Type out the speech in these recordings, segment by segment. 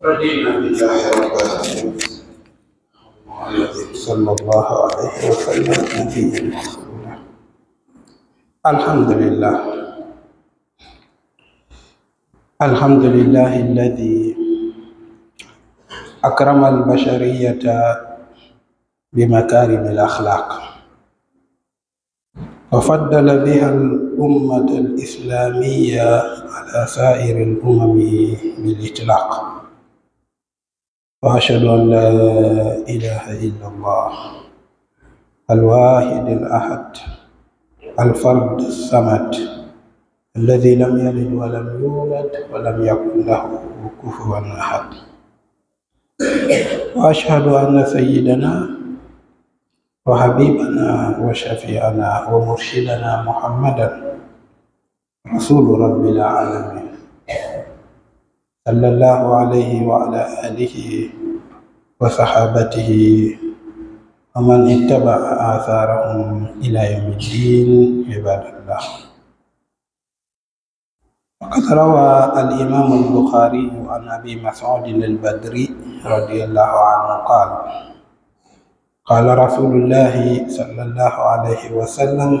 رضينا بالله رب العالمين صلى الله عليه وسلم نبينا الحمد لله الحمد لله الذي أكرم البشرية بمكارم الأخلاق وفضل بها الأمة الإسلامية على سائر الأمم بالإطلاق وأشهد أن لا إله إلا الله الواحد الأحد الفرد الصمد الذي لم يلد ولم يولد ولم يكن له كفوا أحد وأشهد أن سيدنا وحبيبنا وشفيعنا ومرشدنا محمدا رسول رب العالمين صلى الله عليه وعلى آله وصحابته ومن اتبع آثارهم إلى يوم الدين عباد الله وقد روى الإمام البخاري عن أبي مسعود البدري رضي الله عنه قال قال رسول الله صلى الله عليه وسلم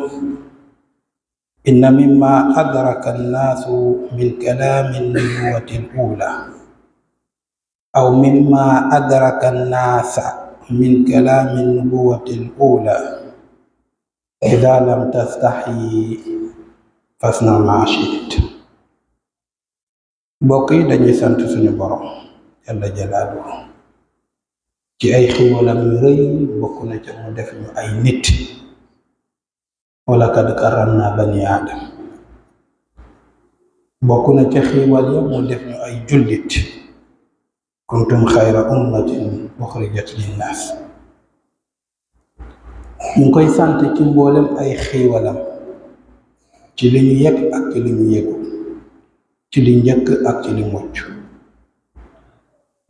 إن مما أدرك الناس من كلام النبوة الأولى أو مما أدرك الناس من كلام النبوة الأولى إذا لم تستحي فاصنع ما شئت mbokk yi dañuy sant suñu borom yàlla jalaalu ci ay xiwalam yu rëy bokk na ca mu def ñu ay nit walakad karam naa bani aadam bokk na ca xiiwal ya mu def ñu ay jullit kuntum xayra ummatin uxrijat ngi koy sant ci mboolem ay xiiwalam ci ñu yëg ak ci li ñu yëgu ci li njëkk ak ci li mucc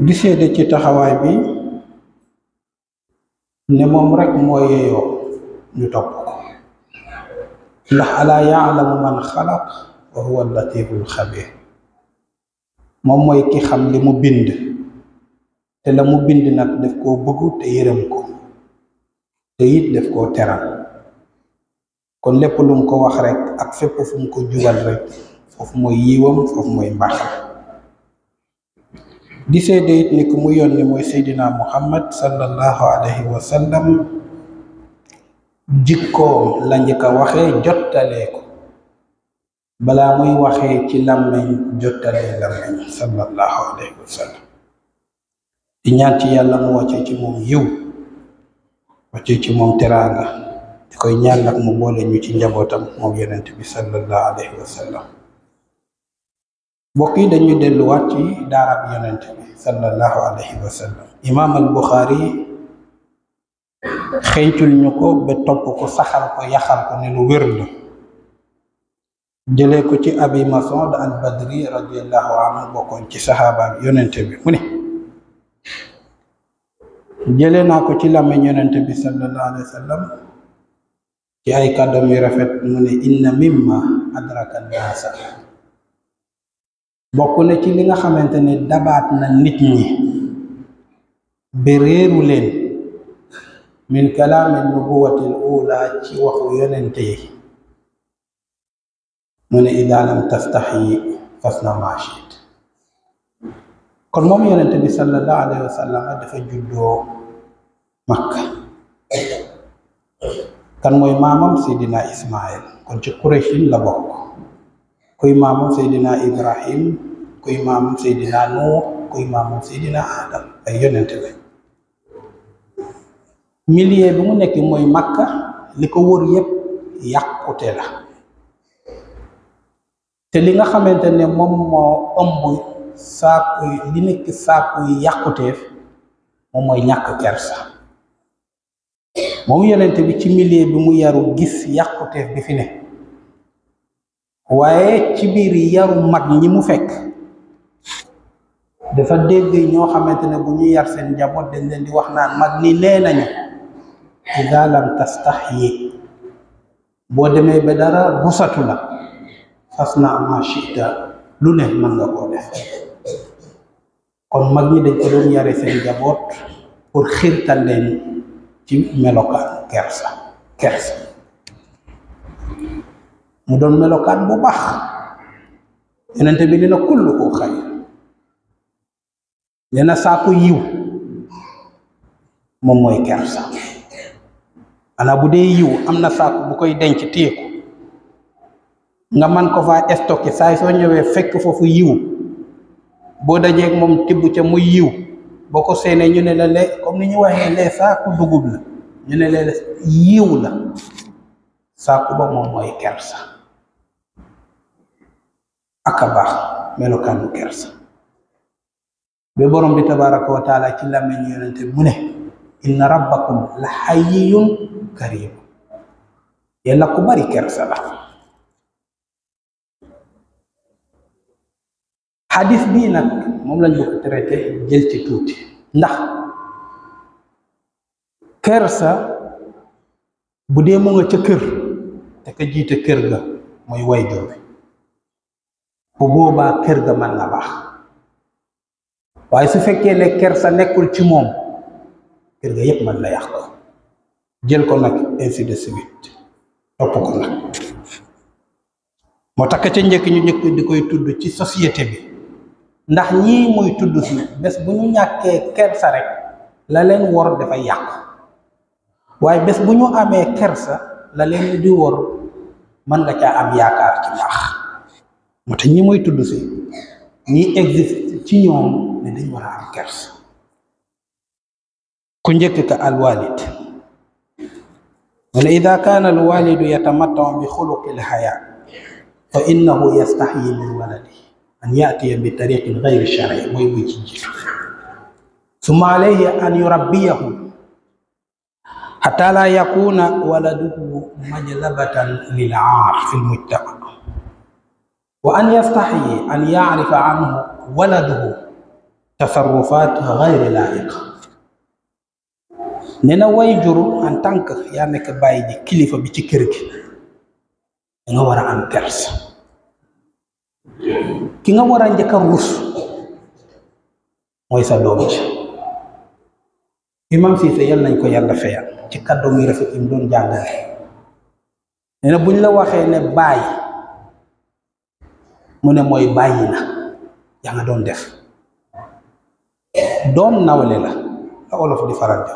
di seede ci taxawaay bi ne moom rek moo yeyoo ñu topp ko لا ya'lamu man xalaq wa huwa latiful xabir moom mooy ki xam li mu bind te la mu bind nag def koo bëggu te yërëm ko te it def koo teral kon lépp lu mu ko wax rek ak fépp fu mu ko jubal rek foofu mooy yiwam foofu mooy mbaax di seede it ni ku mu yónni mooy seydina muhammad sallallahu alayhi wa sallam jikkoom la njëkk a waxee ko balaa muy waxee ci làmmeñ jottalee làmmeñ sallallahu alayhi wa sallam di ñaan ci yàlla mu wàcce ci moom yiw wàcce ci moom teraanga di koy ñaan nag boole ñu ci njabootam moom yonent bi sallallahu alayhi wa sallam mbokk yi dañuy delluwaat ci daarab yonent bi sallallahu alayhi wa sallam imaam xëytul ñu ko ba topp ko saxal ko yaxal ko ne lu wér la jëlee ko ci abi mason da al badri radiallahu anhu bokkoon ci saxaabaam yonente bi mu ne jëlee naa ko ci làmmiñ yonente bi sallallahu alayhi wa ci ay kàddam yu rafet mu ne inna mimma adraka naasa bokk na ci li nga xamante ne dabaat na nit ñi ba réeru min kalaami nubuwati ula ci waxu yonente yi mu ne ida lam tastaxi fasna ma moom yonente bi sallallahu alayhi wa sallam dafa juddoo Makka kan mooy maamam Seydina Ismail kon ci Qurayshin la kuy maamam Seydina Ibrahim kuy maamam Seydina Nuux kuy maamam Seydina Adam ay yonente la milieu bi mu nekk mooy Makka li ko wër yépp yàqute la te li nga xamante ne moom moo ëmb saaku li nekk saaku yi yàquteef moom mooy ñàkk kersa moom yonent bi ci millier bi mu yaru gis yàquteef bi fi ne waaye ci biir yaru mag ñi mu fekk dafa dégg ñoo xamante ne bu ñu yar seen njaboot dañ leen di wax naan mag ni lee nañu ida tax tastahyi boo demee ba dara busatu la fas na ma shita lu ne mën nga koo def kon mag ñi dañ ko doon yare seen jaboot pour xiirtal leen ci melokaan kersa kersa mu doon melokaan bu baax yonente bi nee na kullu ko xayr nee na saako yiw moom mooy kersa ana bu dee yiw am na saaku bu koy denc téye nga man ko faa stocké saay soo ñëwee fekk foofu yiw boo dajee moom tibb ca muy yiw boo ko seenee ñu ne la lee comme ni ñu waxee lee saaku dugub la ñu ne lee yiw la saaku ba moom mooy kersa aka baax melokaanu kersa ba borom bi tabaraka wa taala ci làmmiñ yonente mu ne inna rabbakum la hayyun karim yàlla ku bari kersa la xadis bii nag moom lañ bëgg traité jël ci tuuti ndax kersa bu dee mu nga ca kër te ka jiite kër ga mooy wayjur bi bu boobaa kër ga mën na baax waaye su fekkee ne kersa nekkul ci moom kër ga yëpp man na yàq ko jël ko nag ainsi de suite topp ko nag moo tax ca njëkk ñu njëkk di koy tudd ci société bi ndax ñii mooy tudd si bés bu ñu ñàkkee kersa rek la leen wor dafay yàq waaye bés bu ñu amee kersa la leen di wor mën nga caa am yaakaar ci baax moo tax ñi muy tudd si ñi existe ci ñoom ne dañ war a am kersa كنجكك الوالد ولإذا كان الوالد يتمتع بخلق الحياة فإنه يستحي من ولده أن يأتي بطريق غير شرعي ويبيج ثم عليه أن يربيه حتى لا يكون ولده مجلبة للعار في المجتمع وأن يستحي أن يعرف عنه ولده تصرفات غير لائقه nee na way jur en tant que yaa nekk bàyyi ji kilifa bi ci kër gi da nga war a am kersa ki nga war a njëkk a mooy sa doom ci imam Cissé yal nañ ko yàlla feyal ci kàddu mi rafet yi mu doon jàngale nee na buñ la waxee ne bàyyi mu ne mooy bàyyi na yaa nga doon def doom nawle la la olof di fara di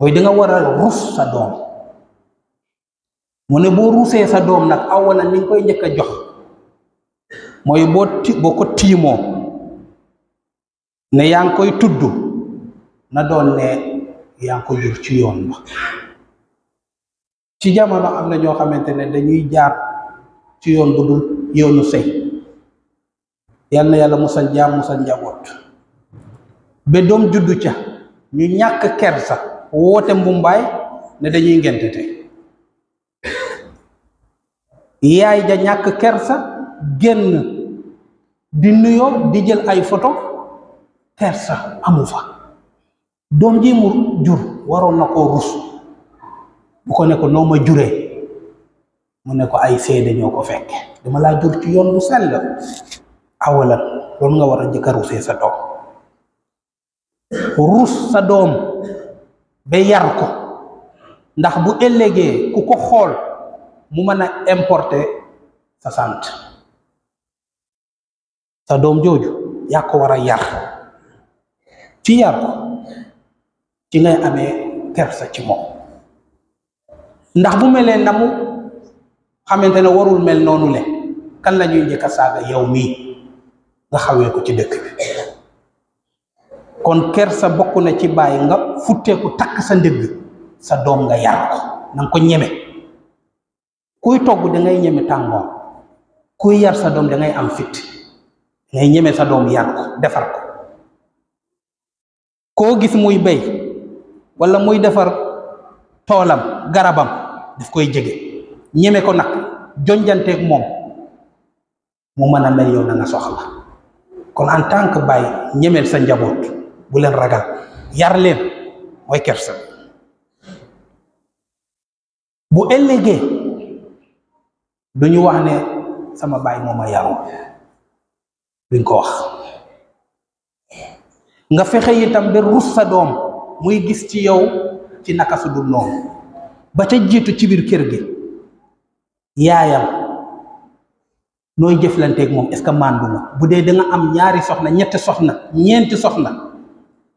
mooy danga war a rus sa doom mu ne boo rusee sa doom nag awalan li nga koy njëkk jox mooy boo ko tiimoo ne yaa ngi koy tudd na doon ne yaa ngi ko jur ci yoon ba ci jamono am na ñoo xamante ne dañuy jaar ci yoon bu dul yoonu sëy yal na yàlla musal jaam musal njaboot ba doom juddu ca ñu ñàkk ker sa woote mbumbaay ne dañuy ngente te yaay ja ñàkk kersa génn di nuyoo di jël ay photo kersa amu fa doom ji mu jur waroon na ko rus bu ko ne ko noo ma juree mu ne ko ay seede ñoo ko fekke dama laa jur ci yoon bu sell awalan loolu nga war a jëkk rusee sa doom rus sa doom ba yar ko ndax bu ëllëgee ku ko xool mu mën a importer sa sant sa doom jooju yaa ko war a yar ci yar ko ci ngay amee kersa ci moom ndax bu melee na mu xamante ne warul mel noonu le kan la ñuy saaga yow mii nga xawee ko ci dëkk kon kersa bokk na ci bàyyi nga futteeku takk sa ndëgg sa doom nga yar ko ko ñeme kuy togg dangay ñeme tàngoor kuy yar sa doom da ngay am fit ngay ñeme sa doom yar defar ko koo gis muy bay wala muy defar toolam garabam daf koy jege ñeme ko nag jonjante moom mu mën a mel yow na nga soxla kon en tant que baay ñemeel sa njaboot bu leen ragal yar leen mooy kersa bu ëllëgee duñu wax ne sama baay mooma yaru duñ ko wax nga fexe itam ba rus sa doom muy gis ci yow ci naka su noonu ba ca jiitu ci biir kër gi yaayam nooy jëflanteeg moom est-ce que màndu na bu dee da am ñaari soxna ñetti soxna ñeenti soxna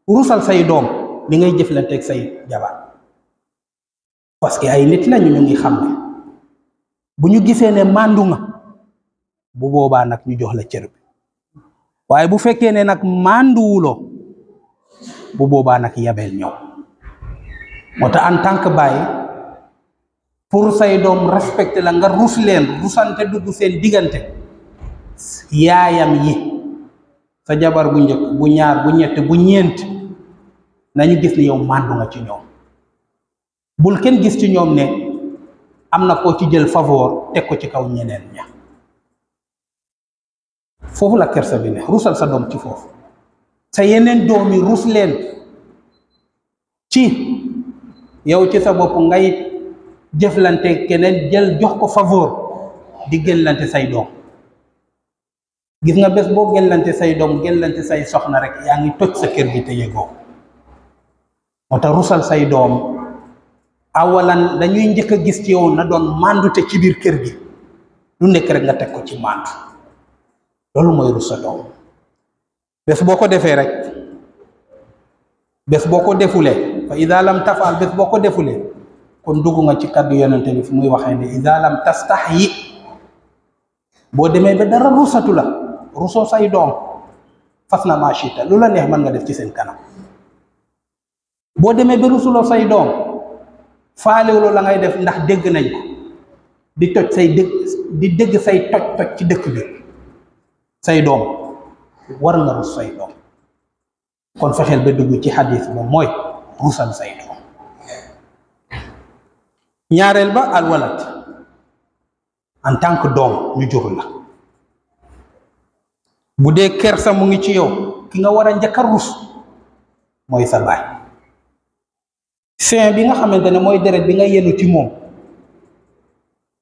rusal say doom li ngay jëflanteeg say jabar parce que ay nit lañu ñu ngi xam bu ñu gisee ne màndu bu boobaa nag ñu jox la cër bi waaye bu fekkee ne nag mànduwuloo bu boobaa nag yabeel ñëw moo tax en tant que baay pour say doom respecté la nga rus leen rusante dugg seen diggante yaayam yi sa jabar bu njëkk bu ñaar bu ñett bu ñeent nañu gis ne yow màndu nga ci ñoom bul kenn gis ci ñoom ne am na koo ci jël favor teg ko ci kaw ñeneen ña foofu la kersa bi ne rusal sa doom ci foofu sa yeneen doom yi rus leen ci yow ci sa bopp ngay jëflante keneen jël jox ko favoor di gënlante say doom gis nga bés boo gënlante say doom gënlante say soxna rek yaa ngi toj sa kër gi te yëgoo moo tax rusal say doom awalan dañuy njëkk a gis ci yow na doon màndute ci biir kër gi lu nekk rek nga teg ko ci màndu loolu mooy rusa doom bés boo ko defee rek bes boo ko defulee fa ida lam tafaal bés boo ko defulee kon dugg ci kàddu yonente bi fu muy waxee ne ida lam tastaxyi boo demee ba dara rusatu la rusoo say doom fas na machita lu la neex mën nga def ci seen kanam boo demee ba rusuloo say doom faalewuloo la ngay def ndax dëgg nañ ko di toj say dégg di dégg say toj toj ci dëkk bi say doom war nga rus say doom kon fexeel ba dugg ci xadis moom mooy rusal say doom ñaareel ba alwalat en tant que doom ñu jur la bu dee kersa mu ngi ci yow ki nga war a njëkk rus mooy sa baay fin bi nga xamante ne mooy deret bi nga yenu ci moom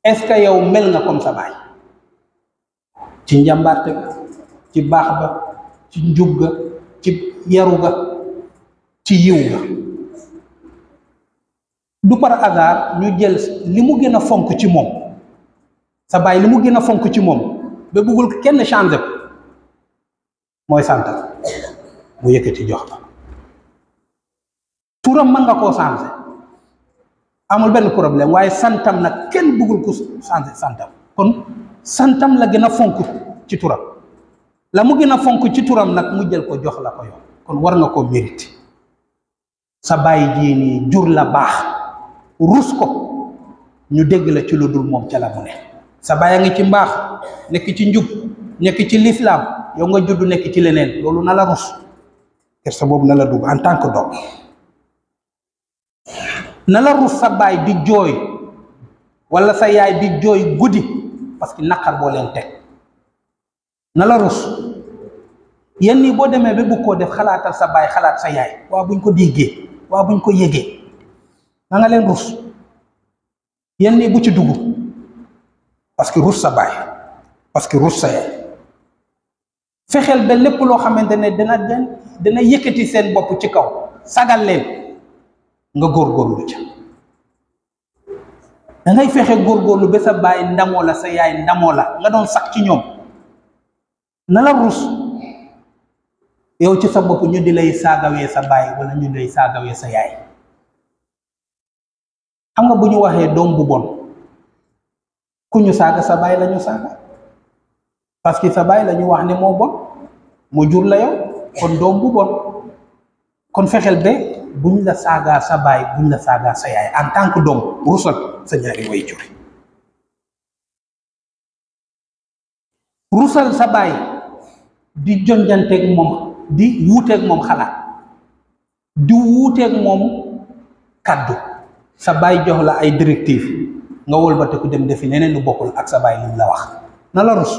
est-ce yow mel nga comme sa baay ci njàmbaarte ga ci baax ba ci njub ga ci yaru ga ci yiw ga du par hasard ñu jël li mu gën a fonk ci moom sa baay li mu gën a fonk ci moom ba bëggul kenn changé ko mooy santal mu yëkkati jox la turam man nga ko changé amul ben problème waye santam nak ken bugul ko santam kon santam la gëna a fonk ci turam la mu gëna fonku fonk ci turam nak mu jël ko jox la ko yoon kon war nga ko mérite sa baye ji ni jur la bax rus ko ñu dégg la ci luddul mom ci la mu ne sa baye nga ci mbax nek ci njub nek ci l'islam yow nga nek ci leneen na la rus kersa bobu na la dug en tant que doom na la rus sa baay di jooy wala sa yaay di jooy guddi parce que naqar boo leen teg na la rus yenn yi boo demee ba bëgg koo def xalaatal sa baay xalaat sa yaay waa buñ ko diggee waa buñ ko yégee na leen rus yenn nii bu ci dugg parce que rus sa baay parce que rus sa yaay fexeel ba lépp loo xamante ne dana dana yëkkati seen bopp ci kaw sagal leen nga góorgóorlu ca da ngay góor góorgóorlu ba sa baay ndamoo la sa yaay ndamoo la nga doon sax ci ñoom na la rus yow ci sa bopp ñu di lay saagawee sa baay wala ñu di lay saagawee sa yaay xam nga bu ñu waxee doom bu bon ku ñu saaga sa baay lañu ñu saaga parce sa baay la ñu wax ne moo bon mu jur la yow kon doom bu bon kon fexeel ba buñ la saga sa Saga buñ la saga sa yaay en tant que dom rusal sa ñaari way rusal sa bay di ak mom di ak mom xalaat di ak mom kaddu sa Sabai jox la ay directive nga wëlbatiku dem defi neneen lu bokul ak sa bay lim la wax na la rus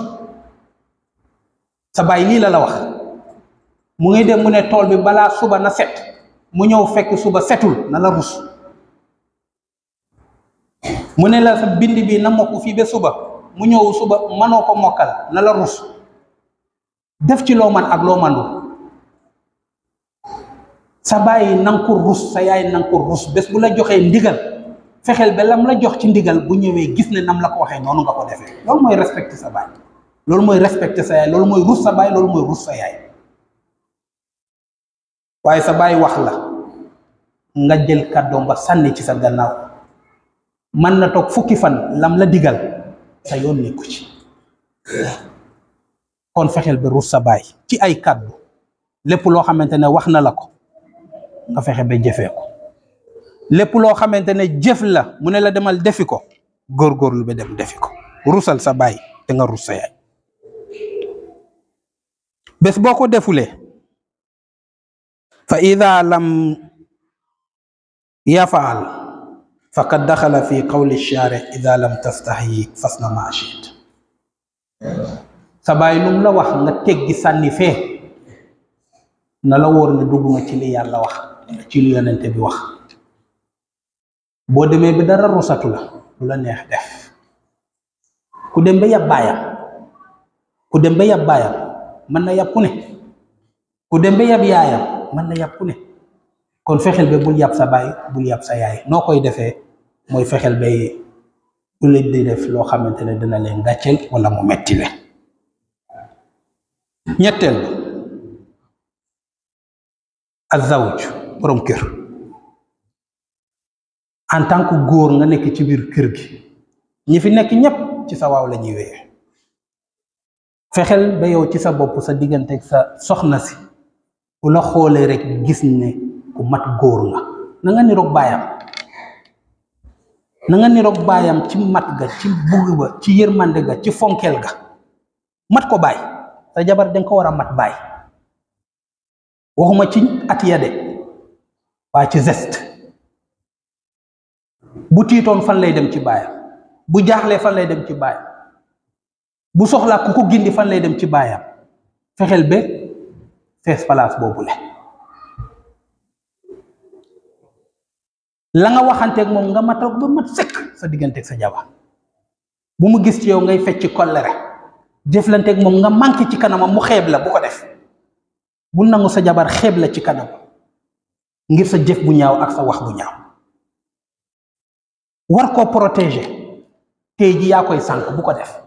sa bay la la wax mu ngi dem mu ne tol bi bala suba na set mu ñëw fekk suba setul na la rus mu ne la sa bind bi na mokk fii ba suba mu ñëw suba manoo ko mokkal na la rus def ci loo man ak loo mandu sa bàyyi nan ko rus sa yaay nan ko rus bés bu la joxee ndigal fexeel ba lam la jox ci ndigal bu ñëwee gis ne nam la ko waxee noonu nga ko defee loolu mooy respecté sa baay loolu mooy respecté sa yaay loolu mooy rus sa baay loolu mooy rus sa yaay waye sa bàyyi wax la nga jël kàddoom ba sanni ci sa gannaaw man na tok fukki fan lam la digal sa yoon ko ci kon fexel be rus sa baay ci ay kàddu lepp lo xamantene wax na la ko nga fexé be ko lepp lo xamantene la mu la demal gor gor lu be dem defiko rusal sa tengah te nga rus sa yaay bes boko defulé fa ida lam yafaal faqad daxala fi qawli shaari ida lam tastaxyi fasna ma shit sa bàyyi lum la wax nga teggi sànni fee na la wóor ne dugg nga ci yàlla wax ci bi wax boo demee bi dara rusatu la lu la neex def ku dem yab baayam ku dem ba yab baayam mën na yab ku ku dem ba yab yaayam mën na yàpp ne kon fexeel ba bul yàpp sa baay bul yàpp sa yaay noo koy defee mooy fexeel ba du leen di def loo xamante ne dina leen gàcceel wala mu metti leen ñetteel azawj borom kër en tant góor nga nekk ci biir kër gi ñi fi nekk ñépp ci sa waaw la ñuy wéyee fexeel ba yow ci sa bopp sa digganteeg sa soxna si bu la xoolee rek gis ne ku mat góor nga na nga niroog baayam na nga niroog baayam ci mat ga ci bugg ba ci yërmande ga ci fonkeel ga mat ko baay sa jabar danga ko war a mat baay waxuma ci at ya de waa ci geste bu tiitoon fan lay dem ci baayam bu jaaxlee fan lay dem ci baayam bu soxlaa ku ko gindi fan lay dem ci baayam fexeel be fees palaas boobule la nga waxanteeg moom nga matoog ba mat sëkk sa digganteek sa jabar bu mu gis ci yow ngay fecc kollere jëflanteek moom nga manqué ci kanamam mu xeeb la bu ko def bul nangu sa jabar xeeb la ci kanama ngir sa jëf bu ñaaw ak sa wax bu ñaaw war koo protéger tey ji yaa koy sànk bu ko def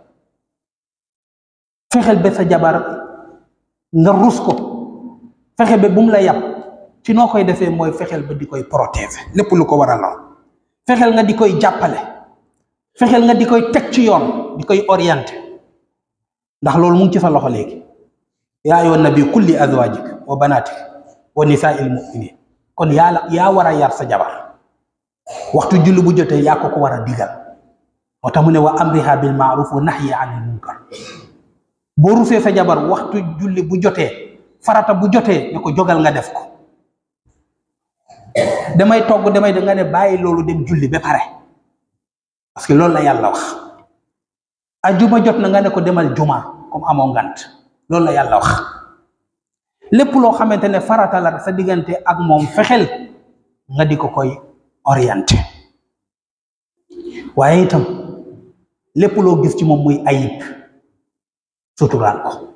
fexeel ba sa jabar nga rus ko fexe ba bu mu la yàpp ci noo koy defee mooy fexeel ba di koy protéger lépp lu ko war a laal fexeel nga di koy jàppale fexeel nga di koy teg ci yoon di koy orienter ndax loolu mu ci sa loxo léegi yaa na bi kulli azwajik wa banatik wa nisaa'il mu'minin kon yaa yaa war a yar sa jabar waxtu julli bu jotee yaa ko ko war a digal moo tax mu ne wa amriha bil ma'ruf wa nahyi anil munkar boo rusee sa jabar waxtu julli bu jotee farata bu jotee ne ko jogal nga def ko damay togg damay da nga ne bàyyi loolu dem julli ba pare parce que loolu la yàlla wax a juma jot na nga ne ko demal juma kom amoon ngant loolu la yàlla wax lépp loo xamante ne farata la sa diggante ak moom fexeel nga di ko koy orienté waaye itam lépp loo gis ci moom muy ayib suturaal ko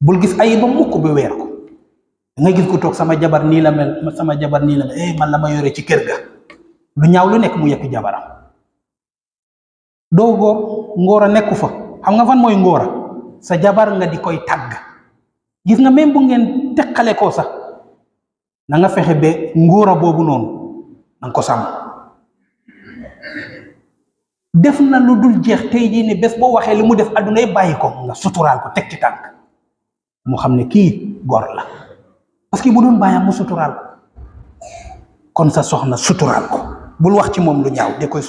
bul gis ayiba mukk bi weer ko nga gis ko toog sama jabar nii la mel sama jabar nii la mel eh man la ma yore ci kër ga lu ñaaw lu nekk mu yekk jabaram doo góor ngóora nekku fa xam nga fan mooy ngóora sa jabar nga di koy tàgg gis nga même bu ngeen teqale koo sax na nga fexe ba ngóora boobu noonu na nga ko sàmm def na lu dul jeex tey jii ne bés boo waxee li mu def adduna yi bàyyi ko nga suturaal ko teg ci tànk mu xamne ki gor la parce que bu doon bàyyam mu sutural ko kon sa soxna sutural ko bul wax ci mom lu ñaaw de koy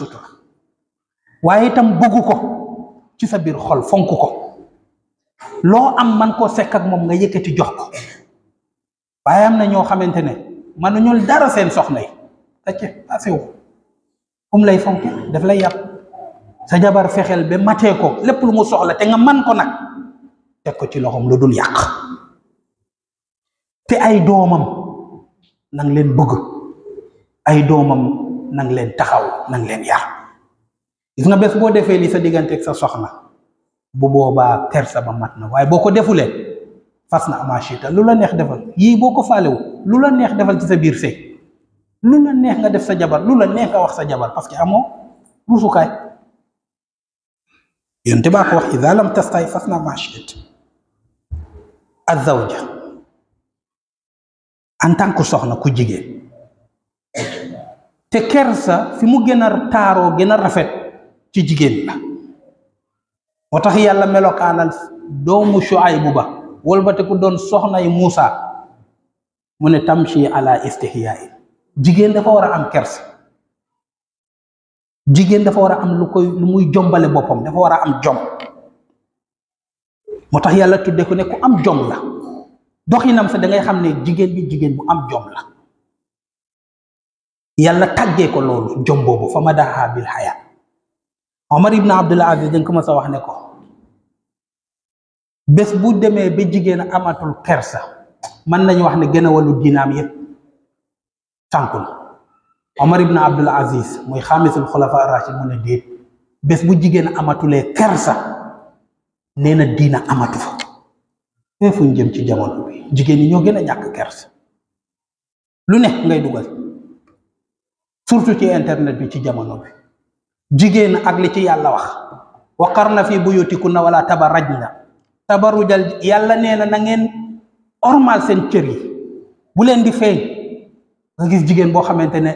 waye tam ko ci sa bir xol fonku ko lo am man ko sekk ak mom nga jox ko na ño xamantene manu mënuñul dara seen soxna yi da ci passé wu um lay fonku daf lay yàpp sa jabar fexel be maté ko lepp lu mu soxla te nga man ko nak teg ko ci loxoom lu dul yàq te ay doomam nang leen bëgg ay doomam nang leen taxaw nang leen yar gis nga bés boo defee li sa digganteeg sa soxna bu boobaa kersa ba mat na waaye boo ko defulee fas na amachita lu la neex defal yii boo ko faalewu lu la neex defal ci sa biir sëy lu la neex nga def sa jabar lu la neex nga wax sa jabar parce que amoo rusukaay yonte baa ko wax ida lam tastay fas na amachita azawja en tant que soxna ku jigéen te kersa fi mu gën a taaroo gën a rafet ci jigéen la moo tax yàlla melokaanal doomu Shuaybu ba walbate ku doon soxnay Muusa mu ne tamshi ala istihyaai jigéen dafa war a am kers jigéen dafa war a am lu koy lu muy jombale boppam dafa war a am jom motax yàlla tudde ko ne ko am jom la doxinam sa da ngay xamné jigen bi jigen bu am jom la yàlla taggé ko loolu jom bobu fama ma daxaa bil haya omar ibn abdul aziz dang ko ma sa wax ne ko bés bu démé ba jigen amatul kersa man nañ wax ne gëna walu dinam yépp tànku na omar ibn abdul aziz moy khamisul khulafa ar-rashid mo ne dé bés bu jigen amatulé kersa nee na diina amatu fa fee fu ñu jëm ci jamono bi jigéen ñi ñoo gën a ñàkk kersa lu ne ngay dugal surtout ci internet bi ci jamono bi jigéen ak li ci yàlla wax na fi buyutikunna wala tabarrajna tabarrujal yàlla nee na na ngeen ormal seen cër yi bu leen di feeñ nga gis jigéen boo xamante ne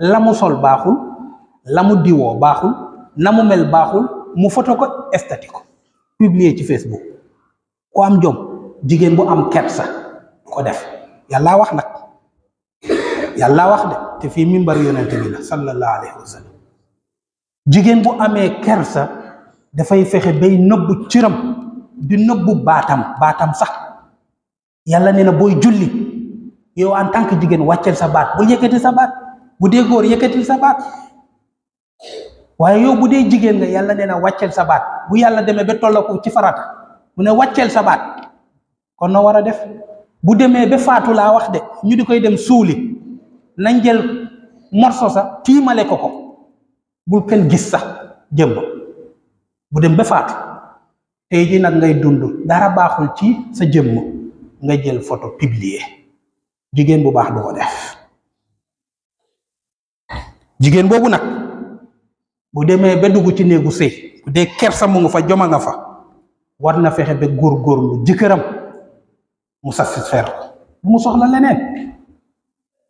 la mu sol baaxul la mu diwoo baaxul na mu mel baaxul mu foto ko estati ko publier ci Facebook ku am jom jigéen bu am kersa du ko def yàllaa wax nag yàllaa la sallallahu alayhi wa sallam jigéen bu amee kersa dafay fexe bay nëbbu ciram di nëbbu baatam baatam sax yàlla nee na booy julli yow en tant que jigéen wàccel sa baat bu yëkkati sa baat bu dee góor yëkkatil sa baat waaye yow bu dee jigéen nga yàlla nee na wàcceel sa baat bu yàlla demee ba tollaku ci farata bu ne wàcceel sa baat kon noo war a def bu demee ba faatu laa wax de ñu di koy dem suuli nañ jël morso sax tiimale ko ko bul kenn gis sax jëmm bu dem ba faatu tey ji nag ngay dund dara baaxul ci sa jëmm nga jël photo publier jigéen bu baax du ko def jigéen boobu nag bu demee ba dugg ci gu sëy bu dee kersa mu nga fa jom a nga fa war na fexe ba góorgóorlu jëkkëram mu satisfaire ko bu mu soxla leneen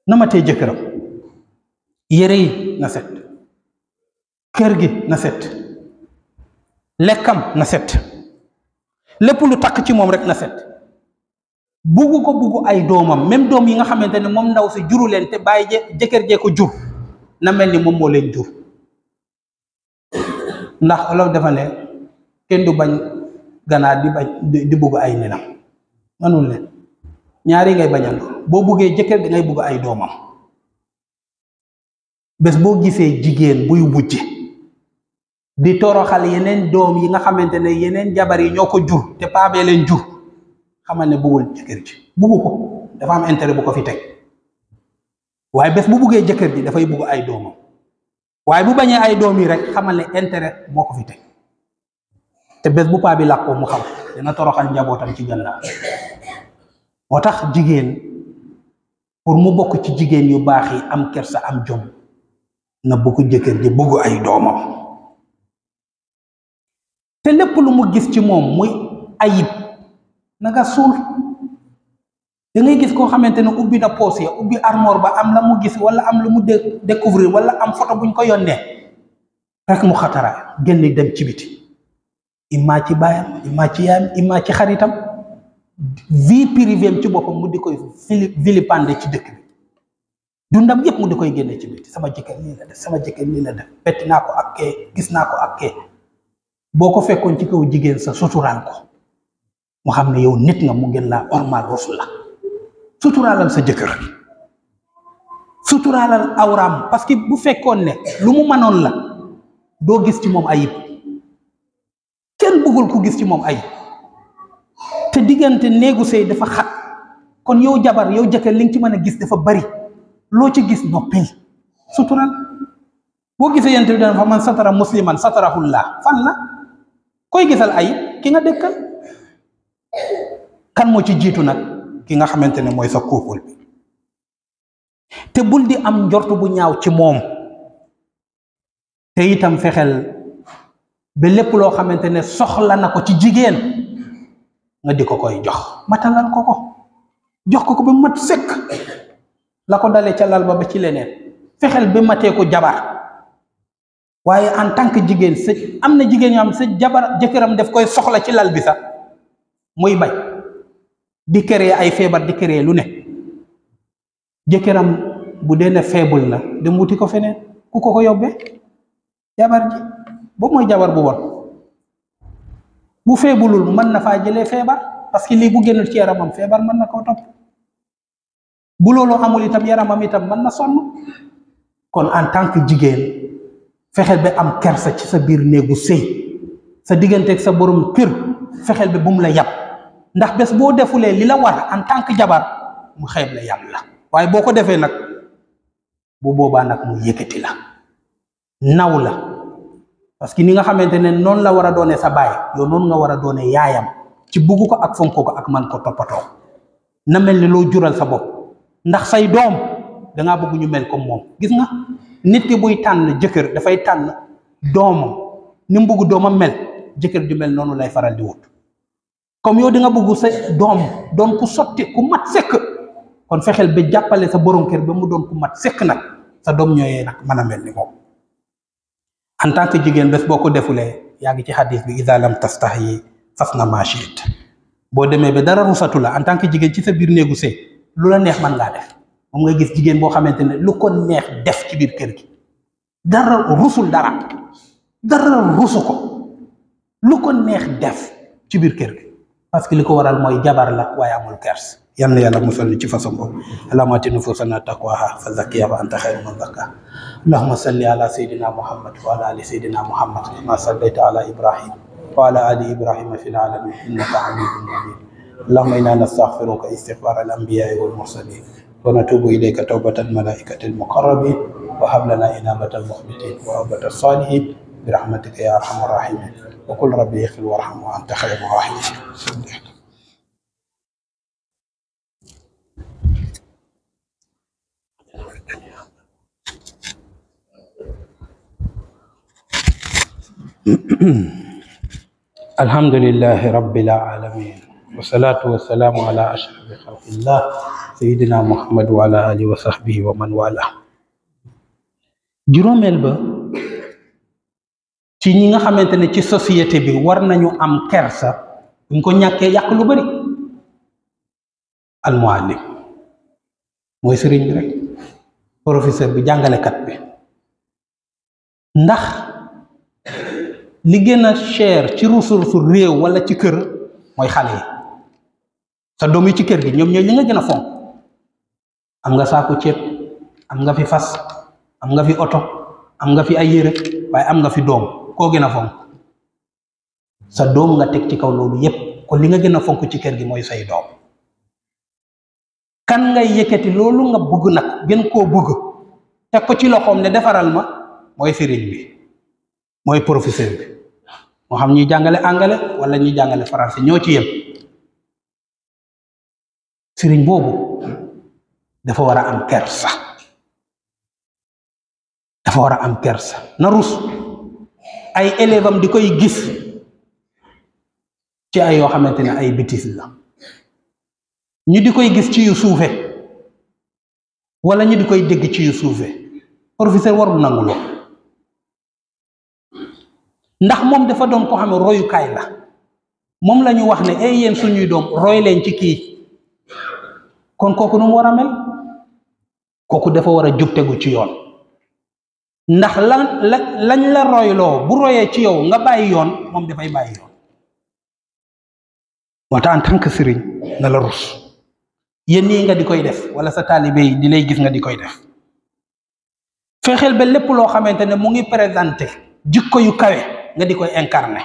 na ma tee jëkkëram yére yi na set kër gi na set lekkam na set lépp lu takk ci moom rek na set buggu ko buggu ay doomam même doom yi nga xamante ne moom ndaw si juruleen te bàyyi jëkkër jee ko jur na mel ni moom moo leen jur ndax olof dafa ne kenn du bañ ganaar di bañ di bugg ay nenam manul ne ñaari ngay bañandoo boo buggee jëkkër da ngay bugg ay doomam bés boo gisee jigéen buy wujj di toroxal yeneen doom yi nga xamante ne yeneen jabar yi ñoo ko jur te paabee leen jur xamal ne buggul jëkkër ji bugg ko dafa am intérêt bu ko fi teg waaye bés bu buggee jëkkër ji dafay bugg ay doomam waaye bu bañee ay doom yi rek xamal ne intérêt moo ko fi teg te bés bu paa bi làkkoo mu xam dina toroxal njabootam ci gannaaw moo tax jigéen pour mu bokk ci jigéen yu baax yi am kersa am jom na bu ko jëkkër ji bëgg ay doomam te lépp lu mu gis ci moom muy ayib na suul da gis koo xamante ne ubbi na poos ya ubbi armoire ba am la mu gis wala am la mu découvrir wala am photo buñ ko yónnee rek mu xatara génn dem ci biti immaa ci baayam immaa ci yaayam immaa ci xaritam vie privée ci boppam mu di koy vilipande ci dëkk bi dundam yépp mu di koy génne ci biti sama jëkkër lii la def sama jëkkër lii la def betti naa ko ak gis naa ko ak boo ko fekkoon ci kaw jigéen sa suturaal ko mu xam ne yow nit nga mu gën ormal rusul la suturaalal sa jëkkër suturaalal awraam parce que bu fekkoon ne lu mu mënoon la doo gis ci moom ayib kenn bëggul ku gis ci moom ayib te diggante néegu sëy dafa xat kon yow jabar yow jëkkër li nga ci mën a gis dafa bari loo ci gis noppil sutural boo gisee yent bi dafa man satara musliman satarahullah fan la koy gisal ayib ki nga dëkkal kan moo ci jiitu nag ki nga xamante ne mooy sa couple bi te bul di am njort bu ñaaw ci moom te itam fexel ba lépp loo xamante ne soxla na ko ci jigéen nga di ko koy jox matalal ko ko jox ko ko ba mat sëkk la ko dalee ca lal ba ba ci leneen fexeel ba matee ko jabar waaye en tant que jigéen sa am na jigéen ñoo am sa jabar jëkkëram daf koy soxla ci lal bi sax muy bañ di créer ay feebar di créer lu ne jëkkëram bu dee ne faible la dem wuti ko feneen ku ko ko yobbe jabar ji boobu mooy jabar bu bon bu feebulul mën na faa jëlee feebar parce que lii bu génnul ci yaramam feebar mën na koo topp bu loolu amul itam yaramam itam mën na sonn kon en tant que jigéen fexeel ba am kersa ci sa biir néegu sëy sa digganteek sa borom kër fexeel ba bu mu la yàpp ndax bes bo defulee lila war en tant que jabar mu xeeb la yalla waye boko defé nak bu boba nak mu yëkkati la naw la parce que ni nga xamantene non la wara doné sa baay yo non nga wara doné ci ko ak fonko ko ak man ko topato na mel lo jural sa bop ndax say da nga bëgg ñu mel comme mom gis nga nit ki buy jëkër da fay tan dom ni mbugu domam mel jëkër du mel nonu lay faral di wut comme yow di nga bëgg sa doom doon ku sotti ku mat sëkk kon fexeel ba jàppale sa borom kër ba mu doon ku mat sëkk nag sa doom ñooyee nag mën a mel ni moom en tant que jigéen bés boo ko defulee yaa ngi ci xadis bi idaa lam tastax yi fas na machiit boo demee ba dara rusatu la en tant que jigéen ci sa biir néegu sëy lu la neex mën ngaa def moom nga gis jigéen boo xamante ne lu ko neex def ci biir kër gi dara rusul dara dara rusu ko lu ko neex def ci biir kër gi parce que li ko waral moy jabar la way amul kers yalla na mu musal ci façon boobu allahumma aati nufuusana taqwaha fa zakiya wa anta khairu man zakka allahumma salli ala sayidina muhammad wa ala ali sayidina muhammad kama sallaita ala ibrahim wa ala ali ibrahim fil alamin innaka hamidun majid allahumma inna nastaghfiruka istighfar al anbiya wal mursalin wa natubu ilayka tawbatan malaikatil muqarrabin wa hab lana inabata wa abata salihin برحمتك يا ارحم الراحمين وقل ربي يغفر وارحم وانت خير الراحمين الحمد لله رب العالمين والصلاة والسلام على أشرف خلق الله سيدنا محمد وعلى آله وصحبه ومن والاه juróomeel ci ñi nga xamante ne ci société bi war nañu am kersa uñ ko ñàkkee yàq lu bari almuallim mooy sëriñ bi rek professeur bi jàngalekat bi ndax li gën a cher ci ressource réew wala ci kër mooy xale yi sa doom yi ci kër gi ñoom ñooy li nga gën a fonk am nga saaku ceeb am nga fi fas am nga fi oto am nga fi ay yére waaye am nga fi doom koo gën a fonk sa doom nga teg ci kaw loolu yépp kon li nga gën a fonk ci kër gi mooy say doom kan ngay yëkkati loolu nga bëgg nag gën koo bëgg teg ko ci loxoom ne defaral ma mooy sëriñ bi mooy professeur bi moo xam ñuy jàngale angale walla ñuy jàngale français ñoo ci yem sëriñ boobu dafa war a am kersa dafa war a am kersa na rus ay élève di koy gis ci ay yoo xamante ne ay bitis la ñu di koy gis ci yu suufe walla ñu di koy dégg ci yu suufe professeur warul nangu lool ndax moom dafa doon ko xam royukaay la moom lañu wax ne ay eh, yéen suñuy doom roy leen ci kii kon kooku nu war a mel kooku dafa war a jub tegu ci yoon ndax la la lañ la royloo bu royee ci yow nga bàyyi yoon moom dafay bàyyi yoon moo tax en tant que sëriñ na la nga di koy def wala sa taalibe yi di lay gis nga di koy def fexeel ba lépp loo xamante ne mu ngi présenté jikko yu kawe nga di koy incarné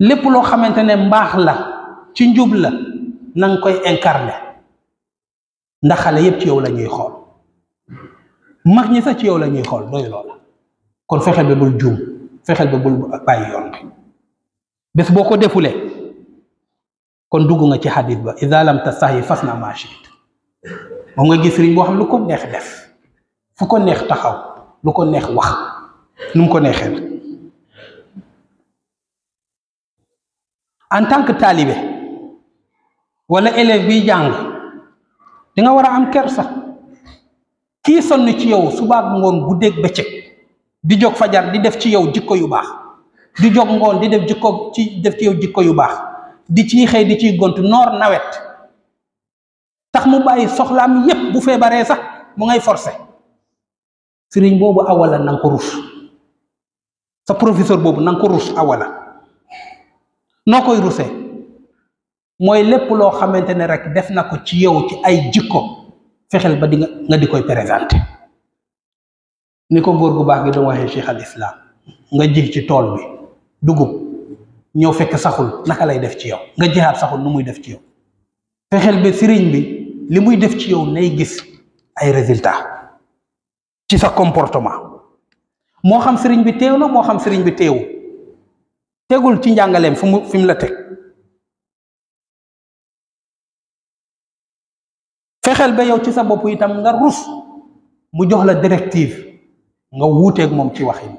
lépp loo xamante ne mbaax la ci njub la na koy incarné ndax xale yépp ci yow la ñuy xool mag ñi sax ci yow la ñuy xool doy loola kon fexel ba bul juum fexel ba bul bàyyi yoon bi bés boo ko defulee kon dugg nga ci xadis ba ida lam tastahi fas na maa chiit moom nga gis riñ boo xam lu ko neex def fu ko neex taxaw lu ko neex wax num ko neexee en tant que talibé wala élève bi jàng di nga war a am kersa kii sonn ci yow subaak ngoon guddeeg bëccëg di jóg fajar di def ci yow jikko yu baax di jóg ngoon di def jikko ci def ci yow jikko yu baax di ci xëy di ci gont noor nawet tax mu bàyyi soxlaam yépp bu feebaree sax mu ngay forcé sëriñ boobu awala na ko rus sa professeur boobu na ko rus awala noo koy rusee mooy lépp loo xamante ne rek def na ko ci yow ci ay jikko fexeel ba di nga nga di koy présenté ni ko góor gu baax gi doon waxee cheikh al islam nga ji ci tool bi dugub ñëw fekk saxul naka lay def ci yow nga jihaat saxul nu muy def ci yow fexeel ba sëriñ bi li muy def ci yow nay gis ay résultat ci sa comportement moo xam sëriñ bi teew na moo xam sëriñ bi teewu tegul ci njàngaleem fu mu fi la teg xel ba yow ci sa bopp itam nga rus mu jox la directive nga wuuteeg moom ci waxin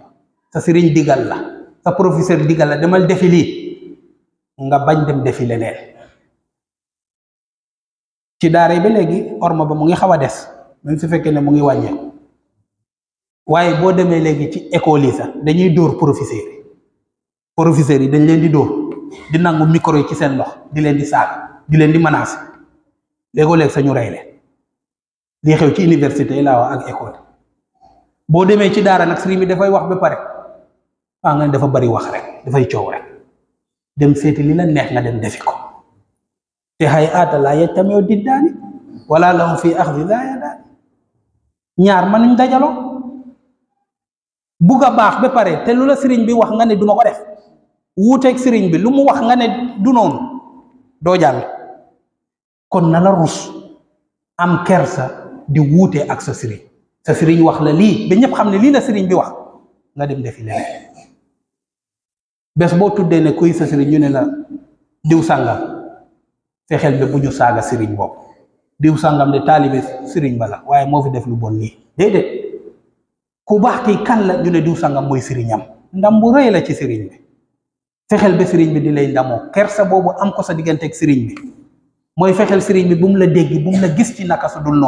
sa sëriñ digal la sa professeur digal la demal defi lii nga bañ dem defi leneen ci daara yi ba léegi orma ba mu ngi xaw a des même su fekkee ne mu ngi wàññeeku waaye boo demee léegi ci école yi sax dañuy dóor professeur yi professeur yi dañ leen di dóor di nangu micro yi ci seen lox di leen di saag di leen di menacer léegoo-léeg sañu rey leen li xew ci université laa wax ak école boo demee ci daara nag sëriñ bi dafay wax ba pare waa nga ne dafa bari wax rek dafay coow rek dem seeti li la neex nga dem defi ko te xay aata laa yajtamiu diddaani wala lahum fi axdi laa yadaani ñaar mënuñ dajaloo bugg a baax ba pare te lu la sëriñ bi wax nga ne duma ko def wuuteeg sëriñ bi lu mu wax nga ne du noonu doo jàll kon na la rus am kersa di wuute ak sa sëriñ sa sëriñ wax la lii ba ñëpp xam ne lii la sëriñ bi wax nga dem defi leneen bes boo tuddee ne kuy sa sëriñ ñu ne la diw sàngam fexeel bi bu ñu saaga sëriñ bopp diw sàngam de taalibe sëriñ ba la waaye moo fi def lu bon nii déedéet ku baax ki kan la ñu ne diw sàngam mooy sëriñam ndam bu rëy la ci sëriñ bi fexeel ba sëriñ bi di lay ndamoo kersa boobu am ko sa digganteek sëriñ bi mooy fexeel sëriñ bi bu mu la dégg bu mu la gis ci naka su dul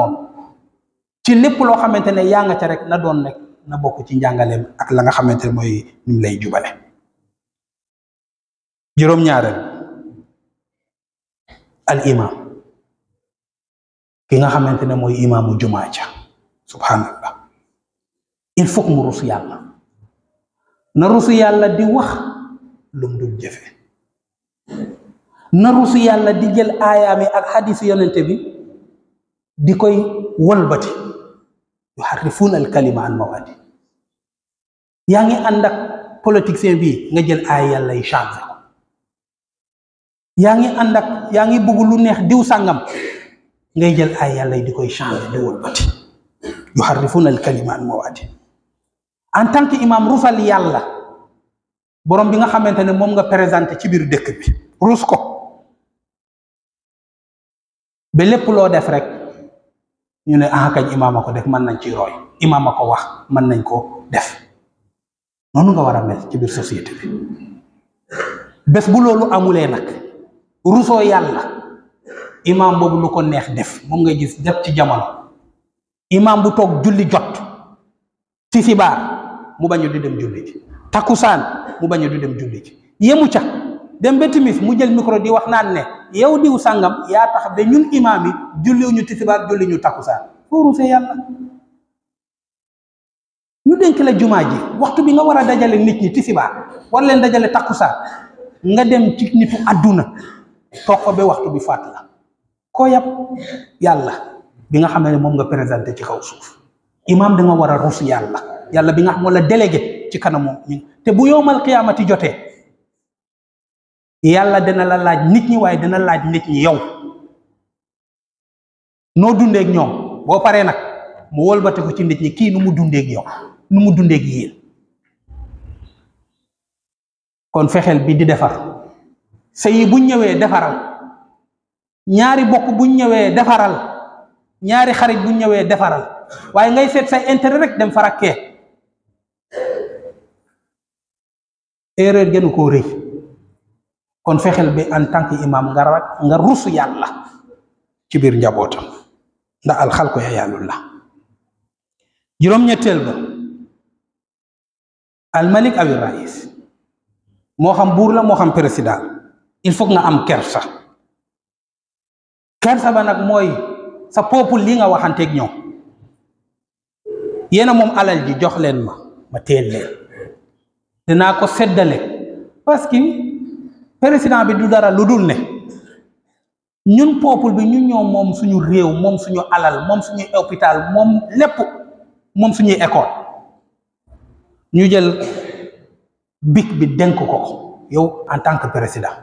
ci lépp loo xamante ne yaa nga ca rek na doon rek na bokk ci njàngaleem ak la nga xamante ne mooy ni mu lay jubale juróom-ñaareel al imam ki nga xamante ne mooy imaamu jumaa ja subhanallah il faut mu rusu yàlla na rusu yàlla di wax lum dul jëfe narusu yàlla di jël ayami ak hadith yonente bi di koy yuharrifun al kalima an mawadi yaangi andak politiciens bi nga jël ay yàlla yi changé yaangi andak yaangi bëgg lu neex diw sàngam ngay jël ay yàlla yi di koy changer di yuharrifun al kalima an mawadi en tant que imam rufal yàlla borom bi nga xamantene mom nga présenter ci bir dëkk bi rus ko be pulau lo def rek ñu ne ah kañ imam ko def man nañ ci roy imam ko wax man nañ ko def nonu nga wara mel ci bir société bi bes bu lolu amulé nak yalla imam bobu lu ko neex def mom nga gis def ci jamono imam bu tok julli jot ci sibaar mu bañu di dem julli takusan, takusaan mu bañu di dem julli yemu ca dem betimis mu jël micro di wax nan ne yow diw sàngam yaa tax ba ñun imaam yi julliw ñu tisibaar julli ñu takkusaan foo ruusee yàlla ñu dénk la jumaa ji waxtu bi nga war a dajale nit ñi tisibaar war leen dajale takkusaan nga dem ci nitu àdduna toog ko ba waxtu bi faat la koo yab yàlla bi nga xam ne moom nga présenté ci kaw suuf imaam da nga war a rus yàlla yàlla bi nga xam wala délégué ci kanamu te bu yowmal qiyaamati jotee yàlla dina la laaj nit ñi waaye dina laaj nit ñi yow noo dundeek ñoom boo paree nag mu wëlbate ko ci nit ñi kii nu mu dundeek yow nu mu dundeek yéen kon fexeel bi di defar sa bu ñëwee defaral ñaari bokk buñ ñëwee defaral ñaari xarit bu ñëwee defaral waaye ngay seet say intérêt rek dem farakkee erreur gënu koo rëy kon fexeel bi en tant que imam nga ra la rusu yàlla ci biir njabootam ndax alxalko ya la juróom-ñetteel ba almalik awi rais moo xam buur la moo xam président il faut nga am kersa kersa ba nag mooy sa peuple li nga waxanteeg ñoom yéena moom alal ji jox leen ma ma téel leen dinaa ko seddale parce que président bi du dara lu dul ne ñun peuple bi ñun ñoo moom suñu réew moom suñu alal moom suñuy opital moom lépp moom suñuy école ñu jël bic bi dénk ko yow en tant que président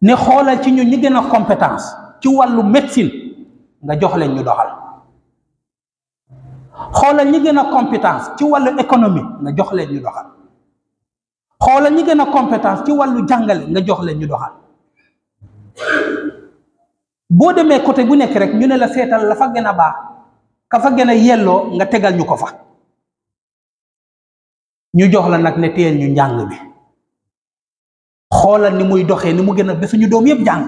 ne xoolal ci ñun ñu gën a compétence ci wàllu médecine nga jox leen ñu doxal xoolal ñi gën a compétence ci wàllu économie nga jox leen ñu doxal xoolal ñi gën a compétence ci wàllu jàngale nga jox leen ñu doxal boo demee côté bu nekk rek ñu ne la seetal la fa gën a baax ka gën a yelloo nga tegal ñu ko fa ñu jox la nag ne teel ñu njàng bi xoolal ni muy doxee ni mu gën a ba doom yëpp jàng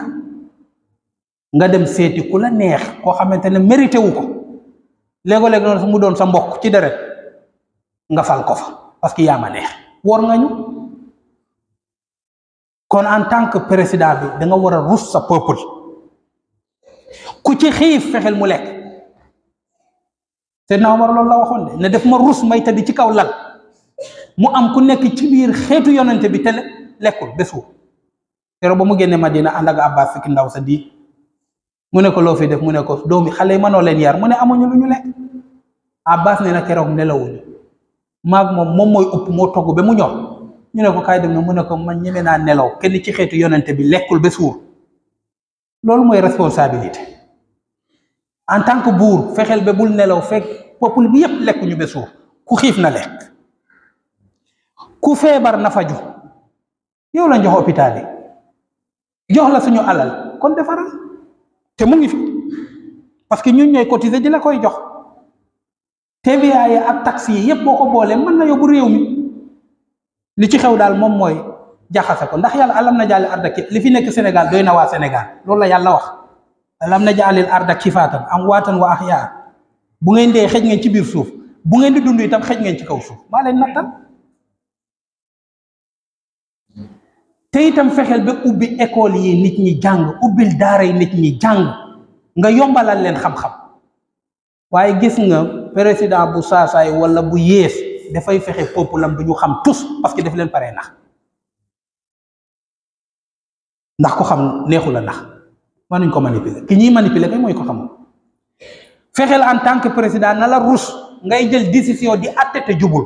nga dem seeti ku neex koo xamante ne mérité wu ko léego-léeg noonu mu doon sa mbokk ci deret nga fal ko fa que yaa kon en tant que président bi da nga war a rus sa peuple ku ci xiif fexeel mu lekk Seydina Omar loolu la waxoon ne def ma rus may tëdd ci kaw lal mu am ku nekk ci biir xeetu yonente bi te lekkul bésu keroog ba mu génne Madina ànd ak Abbas ki ndaw sa di mu ne loo fi def mu ne ko doomi xale yi mënoo leen yar mu ne amuñu lu ñu lekk Abbas ne na keroog nelawuñu maag moom moom mooy upp moo togg ba mu ñor ñu ne ko kaay dem na mu ne ko man ñeme naa nelaw kenn ci xeetu yonente bi lekkul ba suur loolu mooy responsabilité en tant que buur fexeel ba bul nelaw fekk peuple bi yëpp lekkuñu ba suur ku xiif na lekk ku feebar na faju yow la jox hôpital yi jox la suñu alal kon defaral te mu ngi fi parce que ñun ñooy cotiser di la koy jox TVA yi ak taxes yi yépp boo ko boolee mën na yóbbu réew mi li ci xew dal mom moy jaxase ko ndax yàlla alam na jali arda ki li fi nek Sénégal doyna wa Sénégal lolou la yàlla wax alam na jali arda kifatan am watan wa ahya bu ngeen de xëj ngeen ci bir suuf bu ngeen di dundu itam xëj ngeen ci kaw suuf ma len natal te itam fexel be ubbi école yi nit ñi jàng ubbil daara yi nit ñi jàng nga yombalal len xam-xam waye gis nga président bu saasaay wala bu yées da fay fexé am duñu xam tous parce que daf leen paré nax ndax ko xam neexu la nax manuñ ko manipuler ki ñi manipuler kay moy ko xam fexel en tant que président na la rus ngay jël décision di atté jubul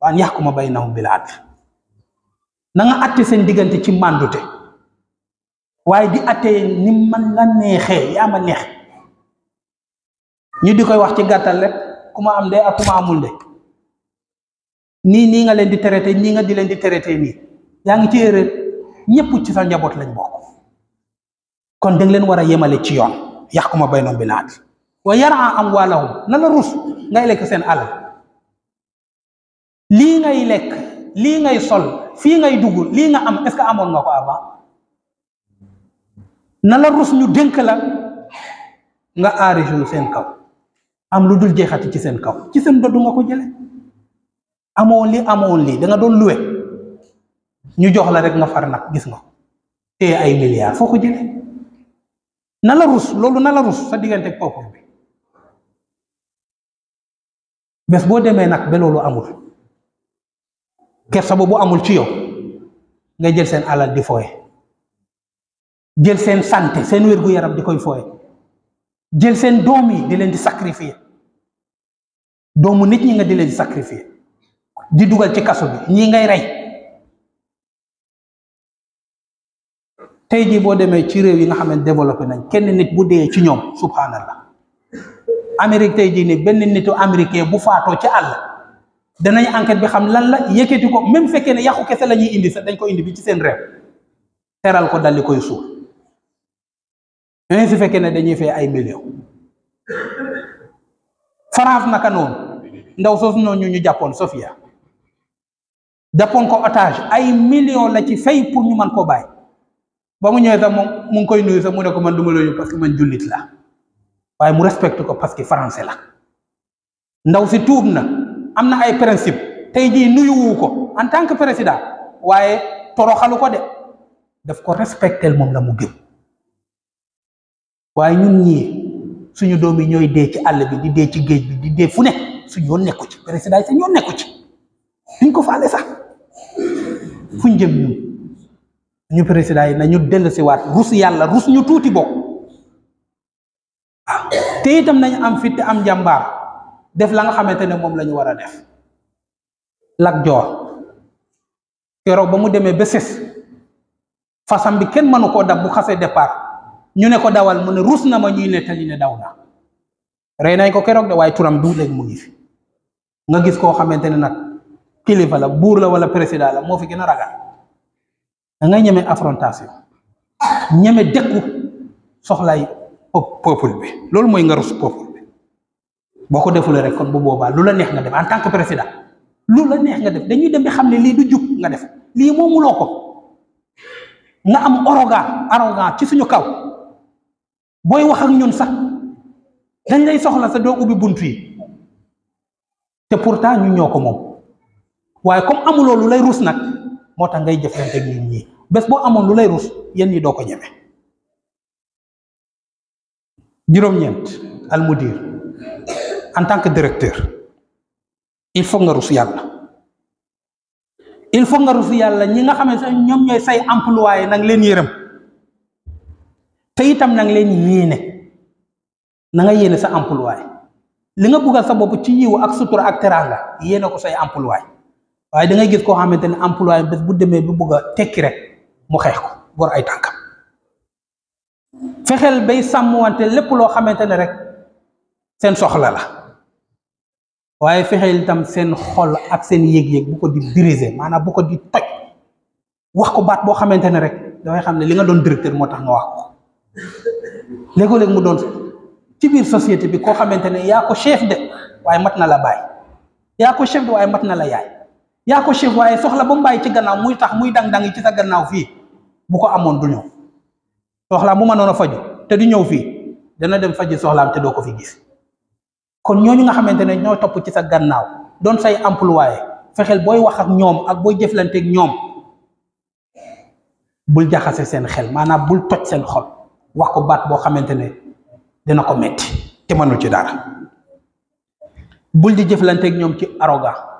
waan yaxkuma baynahum bil adl na nga atté seen digënté ci mandute waye di atté ni man la neexee ya ma neex ñu di koy wax ci gàttal rek kuma am de akuma amul de nii nii nga leen di traité nii nga di leen di traité nii yaa ngi ci erreur ñëpp ci sa njaboot lañ bokk kon da nga leen war a yemale ci yoon yahkuma baynahum bil adl wa yar'a amwaalahum na la rus ngay lekk seen alal lii ngay lekk lii ngay sol fii ngay dugg lii nga am est-ce que amoon nga ko avant na la rus ñu dénk la nga aarisu seen kaw am lu dul jeexati ci seen kaw ci seen doddu nga ko jële amon li amon li da nga doon luwe ñu jox la rek nga far nak gis nga té ay milliards foko jëlé na la rus lolu na la rus sa digënté ak bi bo démé nak bé lolu amul kersa bobu amul ci yow nga jël sen alal di foyé jël sen santé seen wérgu yaram di koy foyé jël sen di leen di sacrifier doomu nit ñi nga di leen di sacrifier di dugal ci kaso bi ñii ngay rey tey jii boo demee ci réew yi nga xam ne développé nañ kenn nit bu dee ci ñoom subhanallah Amérique tey jii nii benn nitu américain bu faatoo ci àll danañ enquête bi xam lan la yëkkati ko même fekkee ne yàqu kese lañuy indi sax dañ ko indi bi ci seen réew teral ko daldi koy suuf même su fekkee ne dañuy fay ay millions France naka noonu ndaw soosu noonu ñu jàppoon Sofia. jàppoon ko otage ay million la ci fay pour ñu man koo baay ba mu ñëwee sax moom mu ngi koy nuyu sax mu ne ko man du ma la parce que man la waaye mu respecte ko parce que français la ndaw si tuub na am na ay principe tey jii nuyuwu ko en tant que président waaye toroxalu ko de daf ko respectel moom la mu gëm waaye ñun ñii suñu doom yi ñooy dee ci àll bi di dee ci géej bi di dee fu ne suñu yoon nekku ci président yi sa nekku ci duñ ko faale sax fu ñu jëm ñun ñu président nañu dellu si waat rus yàlla rus ñu tuuti bokk waaw te itam nañu am fit am jàmbaar def la nga xamante ne moom la war a def Lat Joor keroog ba mu demee ba ses fasam bi kenn mënu koo dab bu xasee départ ñu ne ko dawal mu ne ruus na ma ñuy nettali ne daw na rey nañ ko keroog de waaye turam du léegi mu ngi fi nga gis koo xamante nag kilifa la buur la wala président la moo fi gën a ragal da ngay ñeme affrontation ñeme dëkku soxlay peuple bi loolu mooy nga rus peuple bi boo ko defulee rek kon bu boobaa lu la neex nga def en tant que président lu la neex nga def dañuy dem bi xam ne lii du jub nga def lii moomuloo ko nga am arrogant arrogant ci suñu kaw booy wax ak ñun sax dañ lay soxla sa doo ubbi bunt yi te pourtant ñu ñoo ko moom. waye comme amu lolou lay rus nak moo ngay jëfënte ak nit ñi bës bo amon lu lay rus yéen ñi do ko jurom ñent al mudir en tant que directeur il faut nga rouss yalla il faut nga rouss yalla ñi nga xamé ñom ñoy say employé nak leen yërem te itam nak leen yéene na nga yéne sa employé li nga buggal sa bop ci yiwu ak sutura ak teranga yéne ko say employé waaye da ngay gis koo xamante ne emploi bés bu demee bu bëgg a tekki rek mu xeex ko gor ay tànkam fexeel bay sàmmwante lépp loo xamante ne rek seen soxla la waaye fexeel itam seen xol ak seen yëg-yëg bu ko di briser maanaam bu ko di toj wax ko baat boo xamante ne rek dafay xam ne li nga doon directeur moo tax nga wax ko léegoo mu doon ci biir société bi koo xamante ne yaa ko chef de waaye mat na la baay yaa ko chef de waaye mat na la yaay yaa ko chef waaye soxla ba mu ci gannaaw muy tax muy dang-dang ci sa gannaaw fii bu ko amoon du ñëw soxlaam bu mënoon a faju te du ñëw fii dana dem faji soxlaam te doo ko fi gis kon ñooñu nga xamante ne ñoo topp ci sa gannaaw doon say employé fexeel booy wax ak ñoom ak booy jëflanteeg ñoom bul jaxase seen xel maanaam bul toj seen xol wax ko baat boo xamante ne dina ko metti te mënul ci dara bul di jëflanteeg ñoom ci arrogant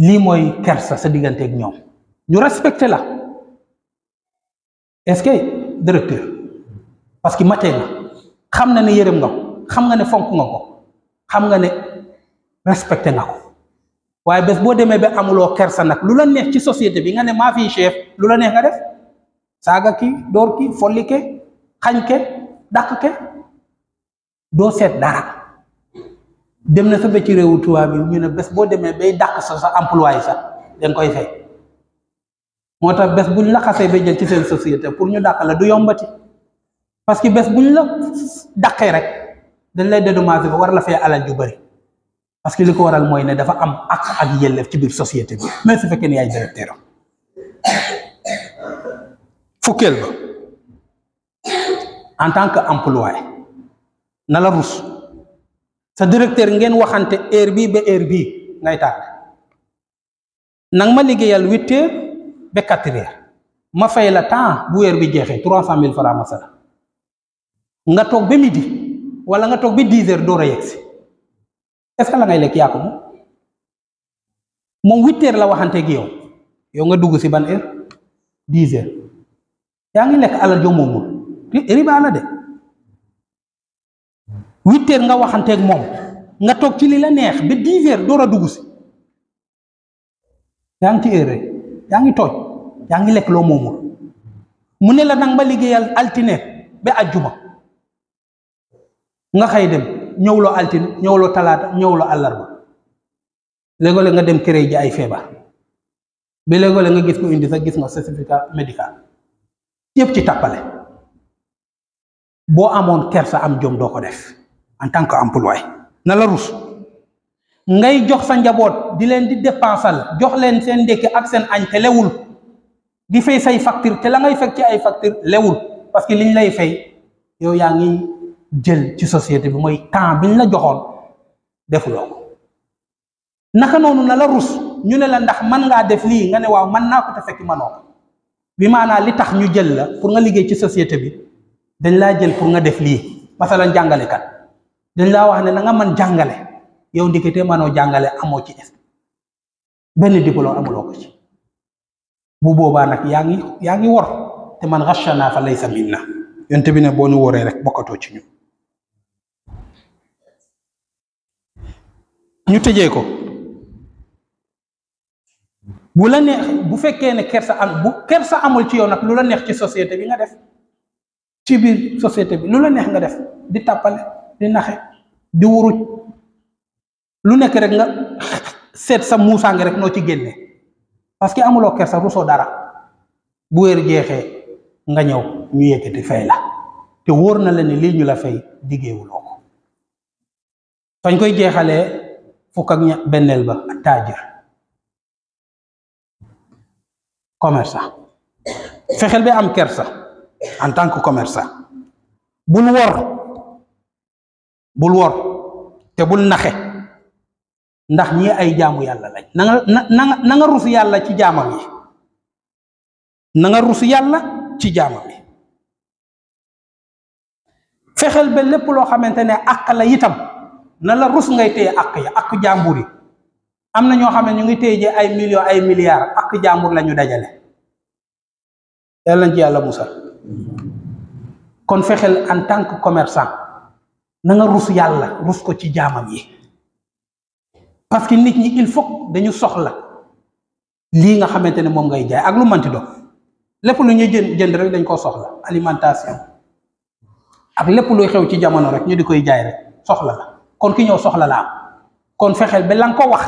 lii mooy kersa sa digganteeg ñoom ñu respecté la est-ce que directeur parce que matee nga xam na ne yërëm nga ko xam nga ne fonk nga ko xam nga ne respecté nga ko waaye bés boo demee ba amuloo kersa nag lu la neex ci société bi nga ne maa fi chef lu la neex nga def saaga ki door ki folli ke xañ ke dàq ke doo seet dara dem na sa ba ci réewu tubaab bi ñu ne bes boo demee bay dàq sa sa emploi sax danga koy fay moo tax bés buñ la xasee ba jël ci seen société pour ñu dàq la du yombati parce que bés buñ la dàqee rek dañ lay dédommagé ba war la fee alal ju bari parce que li ko waral mooy ne dafa am ak ak yelleef ci biir société bi même su fekkee ne yaay directeur fukkeel ba en tant que employé na la rus sa directeur ngeen waxante heure bii ba heure bii ngay tàgg nang ma liggéeyal huit heures ba ma fay la temps bu heure bi jeexee trois cent mille francs masala nga toog ba midi wala nga toog ba dix heures door a yegsi est-ce la ngay lekk yaa ko moom moom la waxante gi yow yow nga dugg si ban heure dix yaa ngi lekk alal joo moomul la de huit nga waxanteeg moom nga toog ci li la neex ba dix heures door a dugg si yaa ngi ci heure yaa ngi tooj yaa ngi lekk loo moomul mu ne la nag ma liggéeyal altine ba ajjuma nga xëy dem ñëwloo altine ñëwloo talaata ñëwloo àllarba léegoo-léeg nga dem këré ji ay feebar ba léegoo-léeg nga gis ko indi sax gis nga certificat médical yëpp ci tàppale boo amoon kersa am jom doo ko def en tant que employé na la rus ngay jox sa njaboot di leen di dépensal jox leen seen ndékki ak seen añ te lewul di fay say facture te la ngay fekk ci ay facture lewul parce que liñ lay fay yow yaa ngi jël ci société bi mooy temps biñ la joxoon defuloo ko naka noonu na la rus ñu ne la ndax man ngaa def lii nga ne waaw mën naa ko te fekk manoo ko bi maanaa li tax ñu jël la pour nga liggéey ci société bi dañ laa jël pour nga def lii masalan jàngalekat dañ laa wax ne na nga man jàngale yow ndikite manoo jàngale amoo ci est benn diplôme amuloo ko ci bu boobaa nag yaa ngi yaa ngi wor te man xashanaa fa laysa minna yonte bi ne boo nu woree rek bokkatoo ci ñu ñu tëjee ko bu la neex bu fekkee ne kersa am bu kersa amul ci yow nag lu la neex ci société bi nga def ci biir société bi lu la neex nga def di tàppale di naxe di wuruj lu nekk rek nga seet sa muusaange rek noo ci génne parce que amuloo kersa rusoo dara bu wéer jeexee nga ñëw ñu yëkkati fay la te wóor na la ne lii ñu la fay diggeewuloo ko fañ koy jeexalee fukk ak ña benneel ba taajir commerçant fexeel ba am kersa en tant que commerçant bul wor bul wor te bul naxé ndax ñi ay jaamu yalla lañ na nga na nga rus yàlla ci jaamam yi na nga rusu yalla ci jaamam yi fexel be lepp lo xamantene ak la yitam na la rus ngay tey ak ya ak jàmbur yi am na ñoo ñu ngi je ay millions ay milliards ak jàmbur la dajale yalla ci yalla musa kon fexel en tant que commerçant na nga rus yàlla rus ko ci jaamam yi parce que nit ñi il faut dañu soxla lii nga xamante ne moom ngay jaay ak lu manti doon lépp lu ñuy jënd jënd rek dañ koo soxla alimentation ak lépp luy xew ci jamono rek ñu di koy jaay rek soxla la kon ki ñëw soxla laa am kon fexeel ba lan koo wax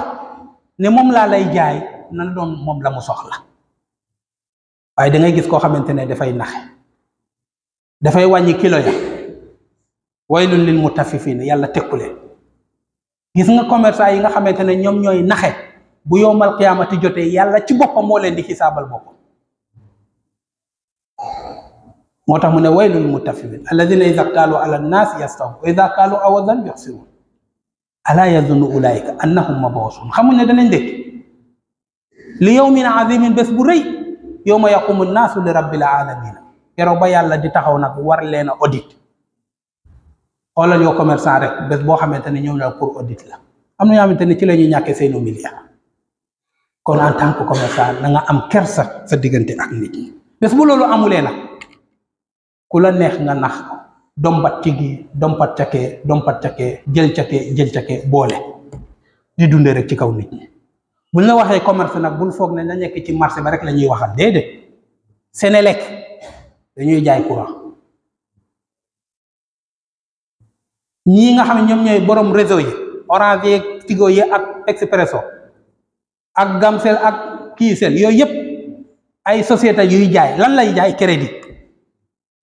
ne moom laa lay jaay nan doon moom la mu soxla waaye dangay gis koo xamante ne dafay nax dafay wàññi kilo ya waylun lil mutaffifina yàlla tekku leen gis nga commerçant yi nga xamante ne ñoom ñooy naxe bu yowmal qiyaamati jotee yàlla ci boppam moo leen di xisaabal boppam moo tax mu ne waylul mutaffifin alladina ida qaalu ala nnaas yastawun wa ida qaalu awadan yuxsirun ala yazunnu ulaika annahum mabaosun xamuñ ne danañ dëkk li yowmin azimin bés bu rëy yowma yaqumu nnaasu li rabbil alamina keroog ba yàlla di taxaw nag war leen a xoolal ñoo commerçant rek bés boo xamante ni ñoom la pour audit la am na ñoo xamante ne ci la ñuy ñàkkee seenu milliards kon en tant que commerçant na nga am kersa sa diggante ak nit ñi bés bu loolu amulee nag ku la neex nga nax ko dompat tigi dompat cakee dompat cakee jël cakee jël cakee boole di dundee rek ci kaw nit ñi buñ la waxee commerce nag bul foog ne la nekk ci marché ba rek la ñuy waxal déedéet lekk dañuy jaay courant ñii nga xam ne ñoom ñooy borom réseau yi Orange yeeg Tigo yi ak Expresso ak Gamcel ak kii sel yooyu yëpp ay société yuy jaay lan lay jaay crédit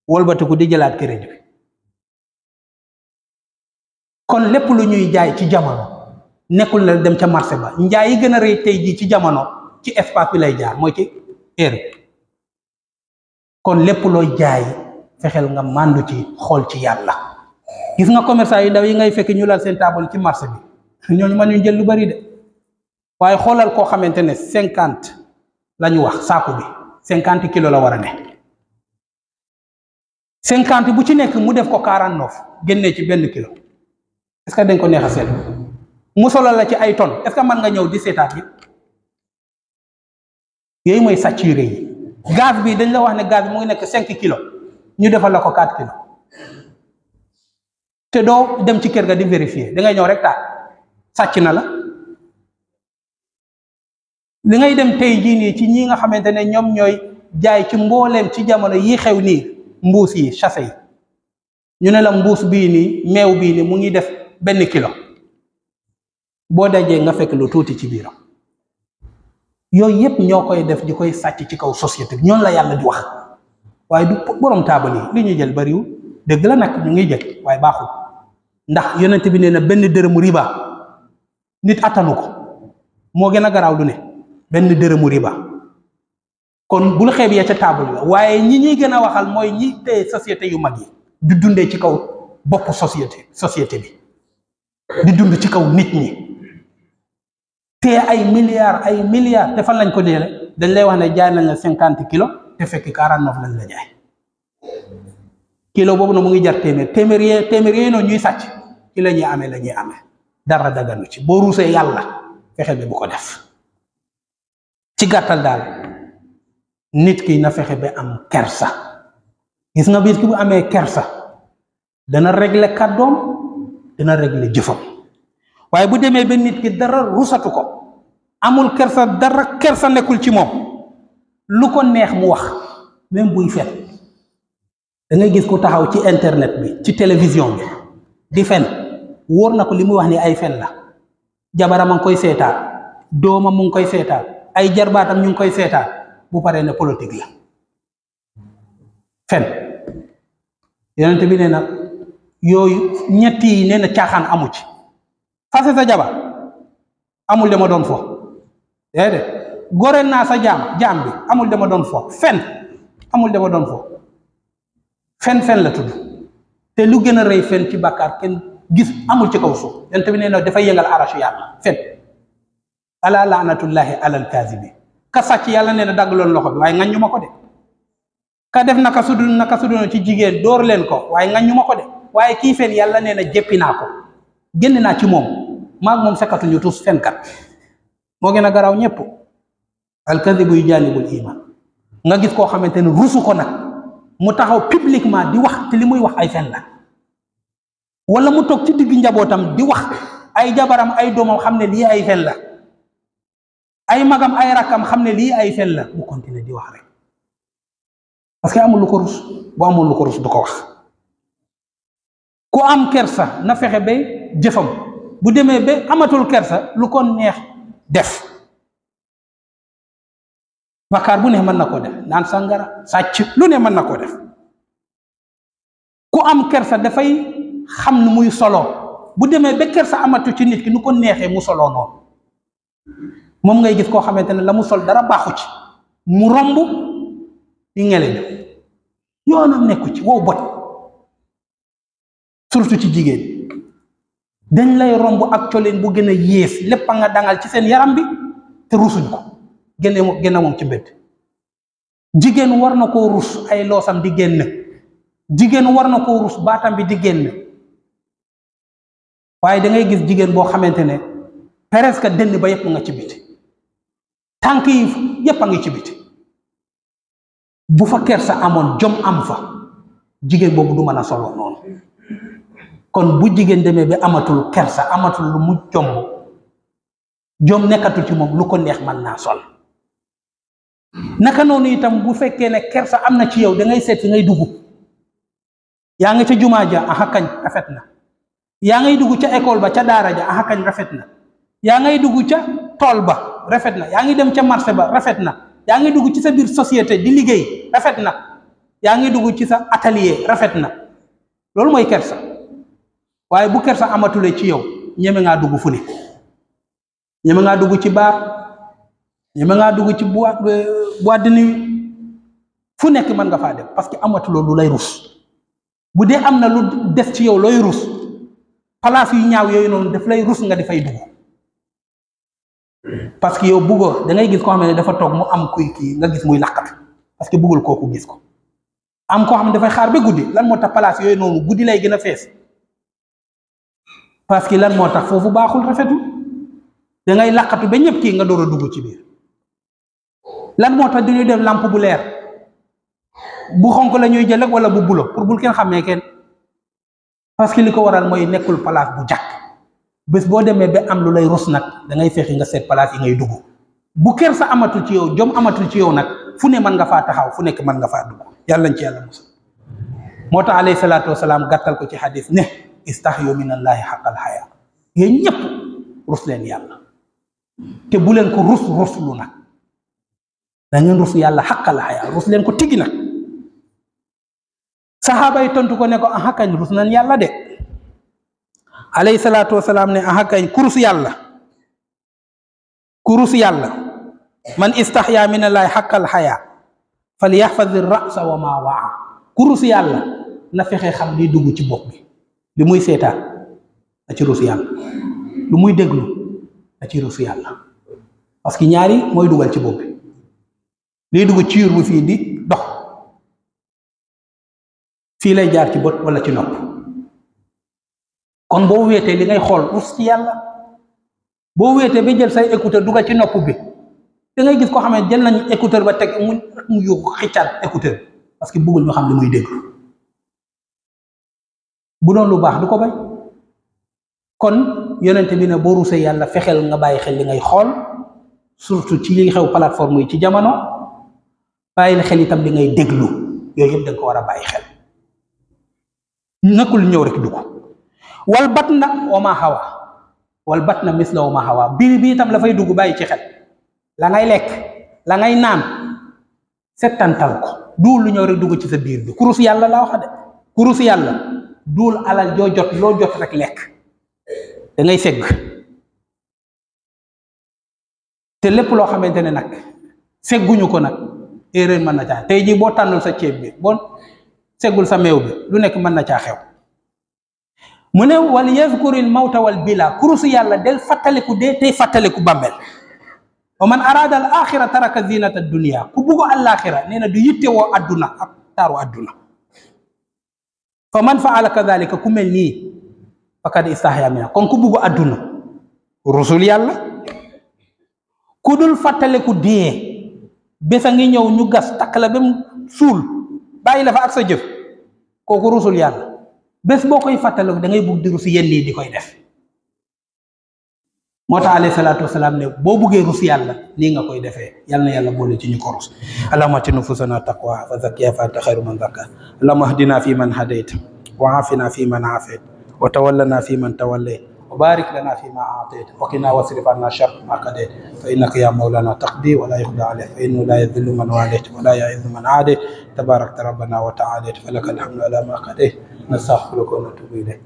walbatiku di jëlaat crédit kon lépp lu ñuy jaay ci jamono nekkul la dem ca marché ba njaay yi gën a rëy tey jii ci jamono ci espace bi lay jaar mooy ci air kon lépp looy jaay fexeel nga màndu ci xool ci yàlla. gis nga commerçant yu ndaw yi ngay fekk ñu laal seen taabal ci marché bi ñooñu mën ñu jël lu bari de waaye xoolal koo xamante ne cinquante la ñu wax saako bi cinquante kilo la war a bu ci nekk mu def ko quarante neuf génnee ci benn kilo est que dañ ko neex a seet mu solo la ci ay tonnes est ce que mën nga ñëw di seetaat yi yooyu mooy saturé yi gaz bi dañ la wax ne gaz bi mu ngi nekk cinq kilo ñu defal la ko quatre kilo te doo dem ci kër ga di vérifier da ngay ñëw rek taal sàcc na la li ngay dem tey jii nii ci ñi nga xamante ne ñoom ñooy jaay ci mbooleem ci jamono yii xew nii mbuus yi chasse yi ñu ne la mbuus bii nii meew bii nii mu ngi def benn kilo boo dajee nga fekk lu tuuti ci biiram yooyu yépp ñoo koy def di koy sàcc ci kaw société bi ñoom la yàlla di wax waaye du borom taabal yi li ñu jël bariwul dëgg la nag ñu ngi jël waaye baaxul ndax yonent bi nee na benn dërëmu riba nit attanu ko moo gën a garaaw du ne benn dërëmu riba kon bul xeeb ya ca table la waaye ñi ñuy gën a waxal mooy ñi téye société yu mag yi di dundee ci kaw bopp société société bi di dund ci kaw nit ñi te ay milliards ay milliards te fan lañ ko deele dañ lay wax ne jaay nañ la cinquante kilo te fekk quarante neuf lañ la jaay kilo boobu na mu ngi jar téeméer téeméer yee téeméer yee ñuy sàcc ci la ñuy amee la ñuy amee dara daganu ci boo ruusee yàlla fexe bi bu ko def ci gàttal daal nit kii na fexe ba am kersa gis nga biir ki bu amee kersa dana regle kàddoom dana regle jëfam waaye bu demee ba nit ki dara rusatu ko amul kersa dara kersa nekkul ci moom lu ko neex mu wax même buy fet da gis ku taxaw ci internet bi ci télévision bi di fen woor na ko li mu wax ni ay fen la jabara ma ngi koy seetaan dooma mu ngi koy seetaan ay jarbaatam ñu ngi koy seetaan bu paree ne politique la fen yonent bi nee na yooyu ñetti yi nee na caaxaan amu ci fase sa jabar amul dama doon fo déedéet goreel sa jaam jaam amul dama doon fo amul dama doon fo fen fen la tudd te lu gën a fen ci bàkkaar kenn gis amul ci kaw suuf yonent bi nee na dafay yëngal arasu yàlla fen ala laanatullahi alal kaasibi ka sàcc yàlla nee na dagg loolu loxo bi waaye ngañu ma ko de ka def naka su dul naka su dul ci jigéen dóor leen ko waaye ngañu ma ko de waaye kii fen yàlla nee na jéppi naa ko génn naa ci moom maag moom sekkatuñu tus fenkat moo gën a garaaw ñëpp alkadibu yu jaanibul iman nga gis koo xamante ne rusu ko nag mu taxaw publiquement di wax li muy wax ay fen wala mu toog ci digg njabootam di wax ay jabaram ay doomam xam ne lii ay fel la ay magam ay rakkam xam ne lii ay fel la mu continuer di wax rek parce que amul lu ko rus bu amul lu ko rus du ko wax ku am kersa na fexe ba jëfam bu demee ba amatul kersa lu ko neex def bakkaar bu ne mën na koo def naan sàngara sàcc lu ne mën na koo def ku am kersa dafay xam nu muy soloo bu demee ba kër sa amatu ci nit ki nu ko neexee mu soloo noonu moom ngay gis koo xamante ne la mu sol dara baaxu ci mu romb di ngeleñu yoonam nekku ci wow bot surtout ci jigéen dañ lay romb ak colin bu gën a yées lépp a nga dangal ci seen yaram bi te rusuñ ko génne moom génne moom ci mbedd jigéen war na koo rus ay loosam di génn jigéen war na koo rus baatam bi di génn waaye dangay gis jigéen boo xamante ne presque dënn ba yëpp nga ci biti tànk yi yëpp a ngi ci biti bu fa kersa amoon jom am fa jigéen boobu du man a solo noonu kon bu jigéen demee bi amatul kersa amatul lu mu jomb jom nekkatul ci moom lu ko neex mën naa sol naka noonu itam bu fekkee ne kersa am na ci yow dangay ngay seet ngay dugg yaa ngi ca jumaa ja aha kañ rafet na yaa ngay dugg ca école ba ca daara ja ah kañ rafet na yaa ngay dugg ca tool ba rafet na yaa ngi dem ca marché ba rafet na yaa ngi dugg ci sa biir société di liggéey rafet na yaa ngi dugg ci sa atelier rafet na loolu mooy kersa waaye bu kersa amatule ci yow ñeme ngaa dugg fu ne ñeme ngaa dugg ci baar ñeme ngaa dugg ci boîte euh, boîte de nuit fu nekk mën nga faa dem parce que amatuloo lu lay rus bu dee am na lu des ci yow looy rus place yu ñaaw yooyu noonu daf lay rus nga defay fay dugg parce yow bëggoo da ngay gis ko xam ne dafa toog mu am kuy kii nga gis muy làqatu parce que bëggul kooku gis ko am koo xam ne dafay xaar ba guddi lan moo tax place yooyu noonu guddi gën a fees parce que lan moo tax foofu baaxul rafetul da ngay làqatu ba ñëpp kii nga door a dugg ci biir lan moo tax dañuy def lampe bu leer bu xonq la ñuy jël wala bu bulo pour bul kenn xamee kenn. parce que li ko waral mooy nekkul place bu jàkk bés boo demee ba am lu lay rus nag da ngay fexe nga seet place yi ngay dugg bu kër sa amatul ci yow jom amatul ci yow nag fu ne mën nga faa taxaw fu nekk mën nga faa dugg yàlla nañ yàlla musal moo tax alayhi salaatu wasalaam gàttal ko ci xadis ne istaxyu min allahi xaqal xayaa yéen ñépp rus leen yàlla te buleen leen ko rus ruslu nag da ngeen rus yàlla xaqal xayaa rus leen ko tigi nag saxaaba yi tontu ko ne ko aha kañ rus nañ yàlla de alayhi salaatu wasalaam ne aha kañ kurus yàlla kurus yàlla man istaxya min allaay xaqal xayaa fal yaxfadi rasa wa ma waa kurus yàlla na fexe xam liy dugg ci bopp bi li muy seetaan na ci rus yàlla lu muy déglu na ci rus yàlla parce que ñaari mooy dugal ci bopp bi liy dugg ci yur bu fii di dox fii lay jaar ci bët wala ci nopp kon boo wéetee li ngay xool rus ci yàlla boo wéetee ba jël say écouteur dugal ci nopp bi da ngay gis koo xam ne jël nañu écouteur ba teg mu mu yóbbu xiccaat écouteur parce que bëggul ñu xam li muy déglu bu doon lu baax du ko bay kon yonent bi ne boo rusee yàlla fexeel nga bàyyi xel li ngay xool surtout ci li xew plateforme yi ci jamono bàyyil xel itam li ngay déglu yooyu yëpp da ko war a bàyyi xel. nekkul ñëw rek dugg wal bat na oma wal bat na mis la oma hawa biir bi itam la fay dugg bàyyi ci xel la ngay lekk la ngay naan settantal ko duul lu ñëw rek dugg ci sa biir bi kurus yàlla la wax a de kurus yàlla duul alal joo jot loo jot rek lekk dangay ngay segg te lépp loo xamante ne nag segguñu ko nag erreur man na caa tey jii boo tànnul sa ceeb bi bon seggul sa mew bi lu nekk mën na caa mu ne wal yazkuril mawta wal bila kurusu yàlla del fàttaliku dee tey fàttaliku bàmmeel wa man araada al axira taraka zinata dunia ku bugg àllaaxira nee na du yittewoo adduna ak taaru adduna fa man faala kadalika ku mel nii faqad istahya mina kon ku bugg adduna rusul yàlla ku dul fàttaliku dee bés ngi ñëw ñu gas takk la suul bàyyi la fa ak sa jëf kooku rusul yàlla bés boo koy fàttaliku dangay bugg di rus yenn yi di koy def moo tax alayhi salaatu wasalaam ne boo buggee rus yàlla nii nga koy defee yal yàlla boole ci ñu ko rus allahumma ati nufusana taqwa fa zakkiha fa anta xayru man zakka allahumma ahdina fi man hadayt wa aafina fi man aafayt wa tawallana fi man tawallayt وبارك لنا فيما أعطيت وقنا واصرف عنا شر ما قضيت فإنك يا مولانا تقضي ولا يقضى عليك فإنه لا يذل من واليت ولا يعز من عاديت تباركت ربنا وتعاليت فلك الحمد على ما قضيت نستغفرك ونتوب إليك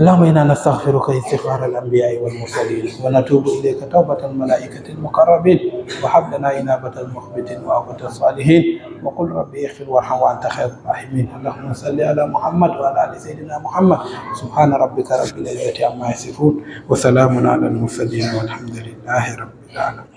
اللهم إنا نستغفرك استغفار الأنبياء والمرسلين ونتوب إليك توبة الملائكة المقربين وحبنا إنابة المخبتين وأوبة الصالحين وقل ربي اغفر وارحم وأنت خير الراحمين اللهم صل على محمد وعلى آل سيدنا محمد سبحان ربك رب العزة عما يصفون وسلام على المرسلين والحمد لله رب العالمين